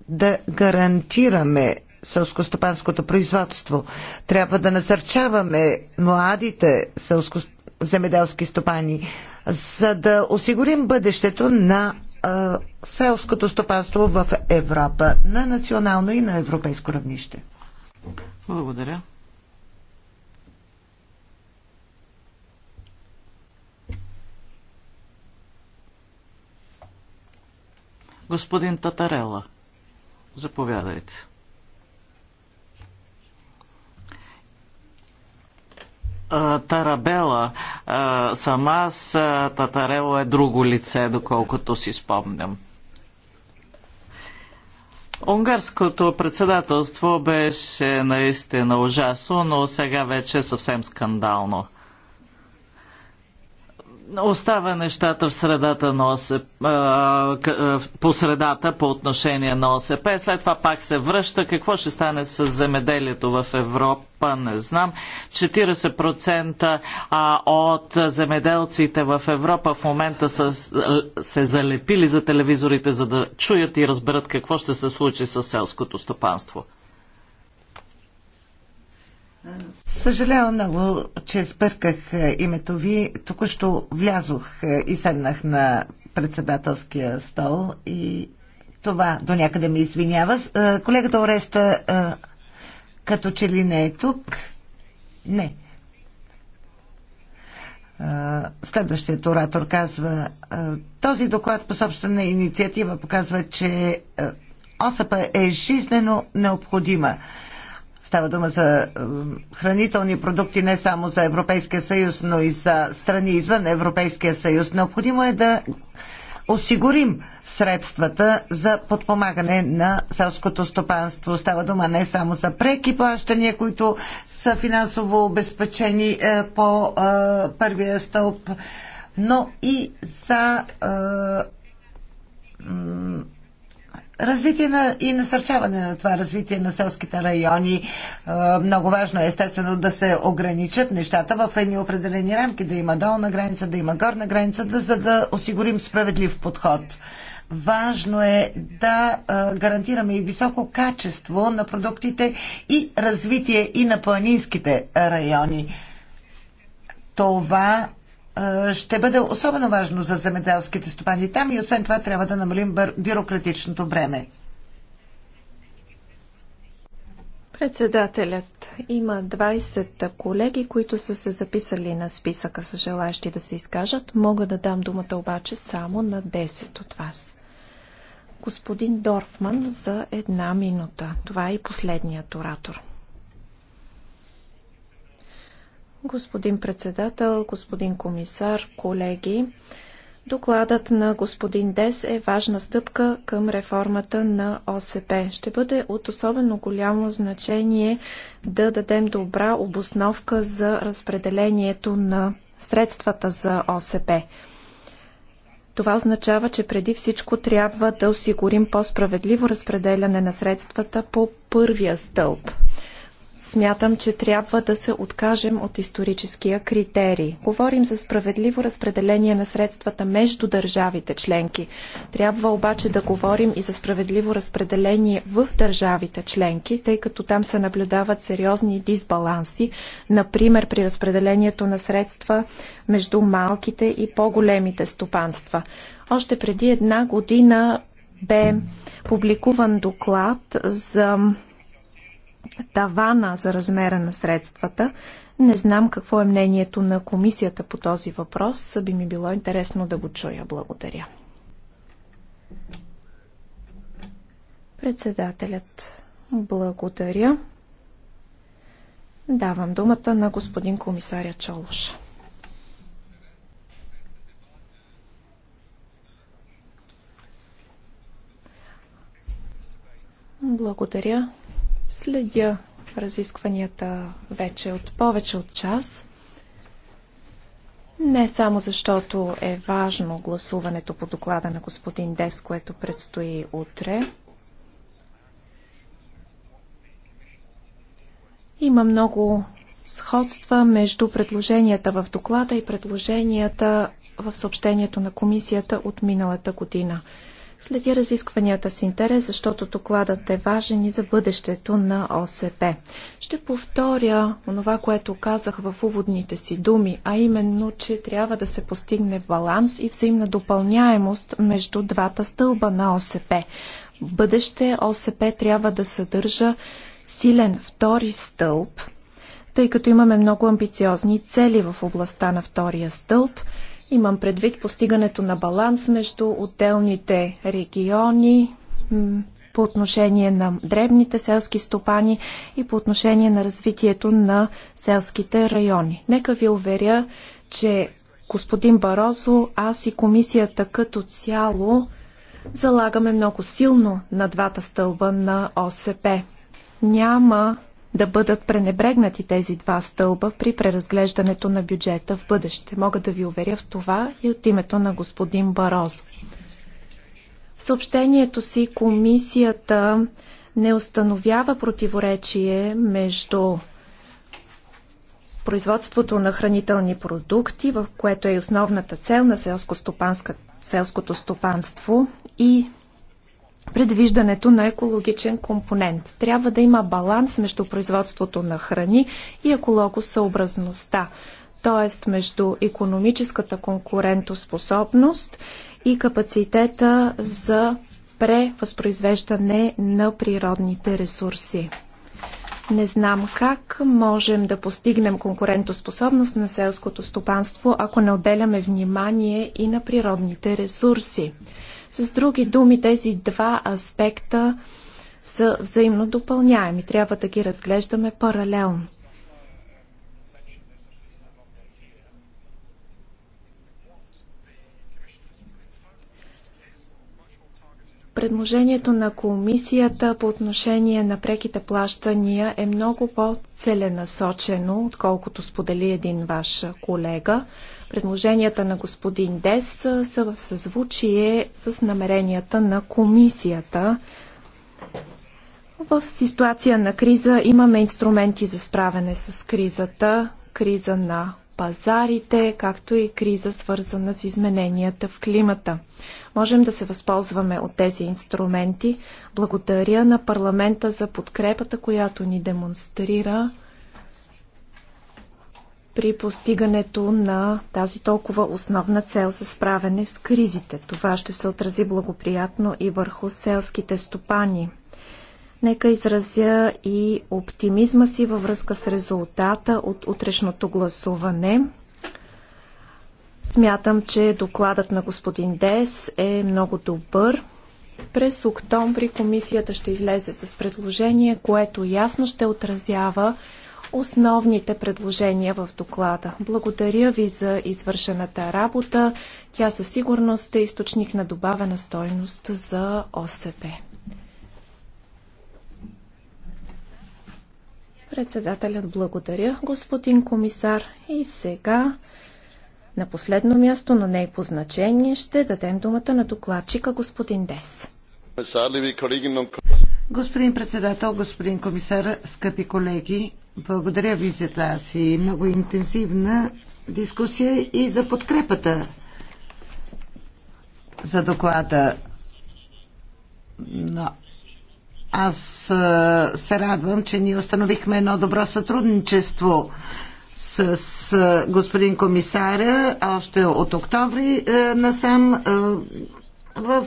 да гарантираме Селскостопанското производство. Трябва да насърчаваме младите селско-земеделски стопани, за да осигурим бъдещето на а, селското стопанство в Европа на национално и на европейско равнище. Благодаря. Господин Татарела, заповядайте. Тарабела. Сама с татарело е друго лице, доколкото си спомням. Унгарското председателство беше наистина ужасно, но сега вече е съвсем скандално остава нещата в средата на ОСП, по средата по отношение на ОСП. След това пак се връща. Какво ще стане с земеделието в Европа? Не знам. 40% от земеделците в Европа в момента са се залепили за телевизорите, за да чуят и разберат какво ще се случи с селското стопанство. Съжалявам много, че сбърках е, името ви. Току-що влязох е, и седнах на председателския стол и това до някъде ми извинява. Е, колегата Ореста като че ли не е тук. Не. Следващият оратор казва, този доклад по собствена инициатива показва, че ОСАПА е жизнено необходима Става дума за хранителни продукти не само за Европейския съюз, но и за страни извън Европейския съюз. Необходимо е да осигурим средствата за подпомагане на селското стопанство. Става дума не само за преки плащания, които са финансово обезпечени е, по е, първия стълб, но и за е, развитие на, и насърчаване на това развитие на селските райони. Е, много важно е естествено да се ограничат нещата в едни определени рамки, да има долна граница, да има горна граница, да, за да осигурим справедлив подход. Важно е да е, гарантираме и високо качество на продуктите и развитие и на планинските райони. Това ще бъде особено важно за земеделските стопани там и освен това трябва да намалим бюрократичното бреме. Председателят има 20 колеги, които са се записали на списъка с желаящи да се изкажат. Мога да дам думата обаче само на 10 от вас. Господин Дорфман за една минута. Това е и последният оратор. Господин председател, господин комисар, колеги, Докладът на господин Дес е важна стъпка към реформата на ОСП. Ще бъде от особено голямо значение да дадем добра обосновка за разпределението на средствата за ОСП. Това означава, че преди всичко трябва да осигурим по-справедливо разпределяне на средствата по първия стълб. Смятам, че трябва да се откажем от историческия критерий. Говорим за справедливо разпределение на средствата между държавите членки. Трябва обаче да говорим и за справедливо разпределение в държавите членки, тъй като там се наблюдават сериозни дисбаланси, например при разпределението на средства между малките и по-големите стопанства. Още преди една година бе публикуван доклад за тавана за размера на средствата. Не знам какво е мнението на комисията по този въпрос. Би ми било интересно да го чуя. Благодаря. Председателят, благодаря. Давам думата на господин комисаря Чолош. Благодаря. Следя разискванията вече от повече от час. Не само защото е важно гласуването по доклада на господин Дес, което предстои утре. Има много сходства между предложенията в доклада и предложенията в съобщението на комисията от миналата година. Следя разискванията с интерес, защото докладът е важен и за бъдещето на ОСП. Ще повторя онова, което казах в уводните си думи, а именно, че трябва да се постигне баланс и взаимна допълняемост между двата стълба на ОСП. В бъдеще ОСП трябва да съдържа силен втори стълб, тъй като имаме много амбициозни цели в областта на втория стълб – Имам предвид постигането на баланс между отделните региони по отношение на дребните селски стопани и по отношение на развитието на селските райони. Нека ви уверя, че господин Баросо, аз и комисията като цяло залагаме много силно на двата стълба на ОСП. Няма да бъдат пренебрегнати тези два стълба при преразглеждането на бюджета в бъдеще. Мога да ви уверя в това и от името на господин Барозо. В съобщението си комисията не установява противоречие между производството на хранителни продукти, в което е основната цел на селско селското стопанство и предвиждането на екологичен компонент. Трябва да има баланс между производството на храни и екологосъобразността, т.е. между економическата конкурентоспособност и капацитета за превъзпроизвеждане на природните ресурси. Не знам как можем да постигнем конкурентоспособност на селското стопанство, ако не отделяме внимание и на природните ресурси. С други думи, тези два аспекта са взаимно допълняеми. Трябва да ги разглеждаме паралелно. предложението на комисията по отношение на преките плащания е много по-целенасочено, отколкото сподели един ваш колега. Предложенията на господин Дес са в съзвучие с намеренията на комисията. В ситуация на криза имаме инструменти за справяне с кризата, криза на пазарите, както и криза свързана с измененията в климата. Можем да се възползваме от тези инструменти. Благодаря на парламента за подкрепата, която ни демонстрира при постигането на тази толкова основна цел за справяне с кризите. Това ще се отрази благоприятно и върху селските стопани. Нека изразя и оптимизма си във връзка с резултата от утрешното гласуване. Смятам, че докладът на господин Дес е много добър. През октомври комисията ще излезе с предложение, което ясно ще отразява основните предложения в доклада. Благодаря ви за извършената работа. Тя със сигурност е източник на добавена стойност за ОСП. Председателят благодаря, господин комисар. И сега, на последно място, но не и по значение, ще дадем думата на докладчика господин Дес. Господин председател, господин комисар, скъпи колеги, благодаря ви за тази много интензивна дискусия и за подкрепата за доклада. Но аз се радвам, че ние установихме едно добро сътрудничество с господин комисаря още от октомври насам в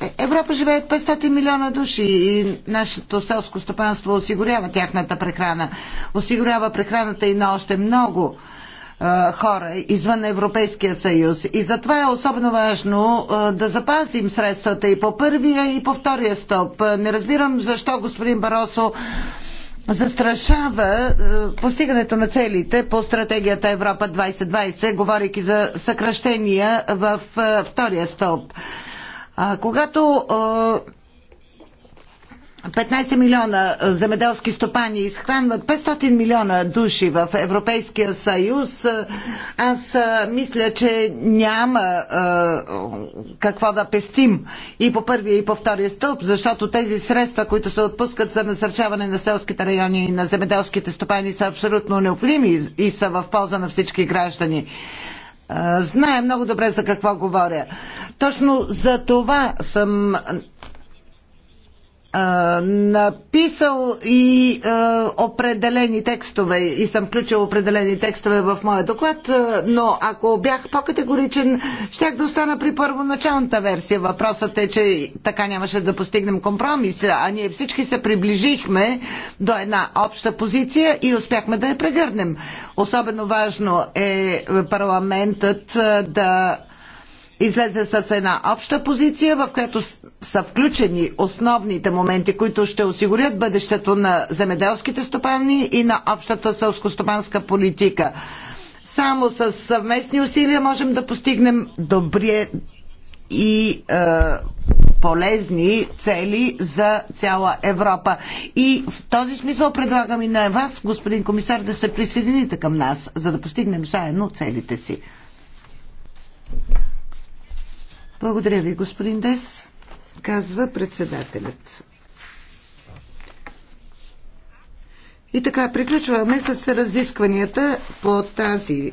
е, Европа живеят 500 милиона души и нашето селско стопанство осигурява тяхната прехрана. Осигурява прехраната и на още много е, хора извън Европейския съюз. И затова е особено важно е, да запазим средствата и по първия, и по втория стоп. Не разбирам защо господин Баросо застрашава постигането на целите по стратегията Европа 2020, говоряки за съкръщения в втория стоп. А, когато а, 15 милиона земеделски стопани изхранват 500 милиона души в Европейския съюз, аз а, мисля, че няма а, какво да пестим и по първия и по втория стълб, защото тези средства, които се отпускат за насърчаване на селските райони и на земеделските стопани са абсолютно необходими и, и са в полза на всички граждани. Знае много добре за какво говоря. Точно за това съм написал и а, определени текстове и съм включил определени текстове в моя доклад, но ако бях по-категоричен, щях да остана при първоначалната версия. Въпросът е, че така нямаше да постигнем компромис, а ние всички се приближихме до една обща позиция и успяхме да я прегърнем. Особено важно е парламентът да излезе с една обща позиция, в която са включени основните моменти, които ще осигурят бъдещето на земеделските стопани и на общата селскостопанска политика. Само с съвместни усилия можем да постигнем добри и е, полезни цели за цяла Европа. И в този смисъл предлагам и на вас, господин комисар, да се присъедините към нас, за да постигнем заедно целите си. Благодаря ви, господин Дес, казва председателят. И така, приключваме с разискванията по тази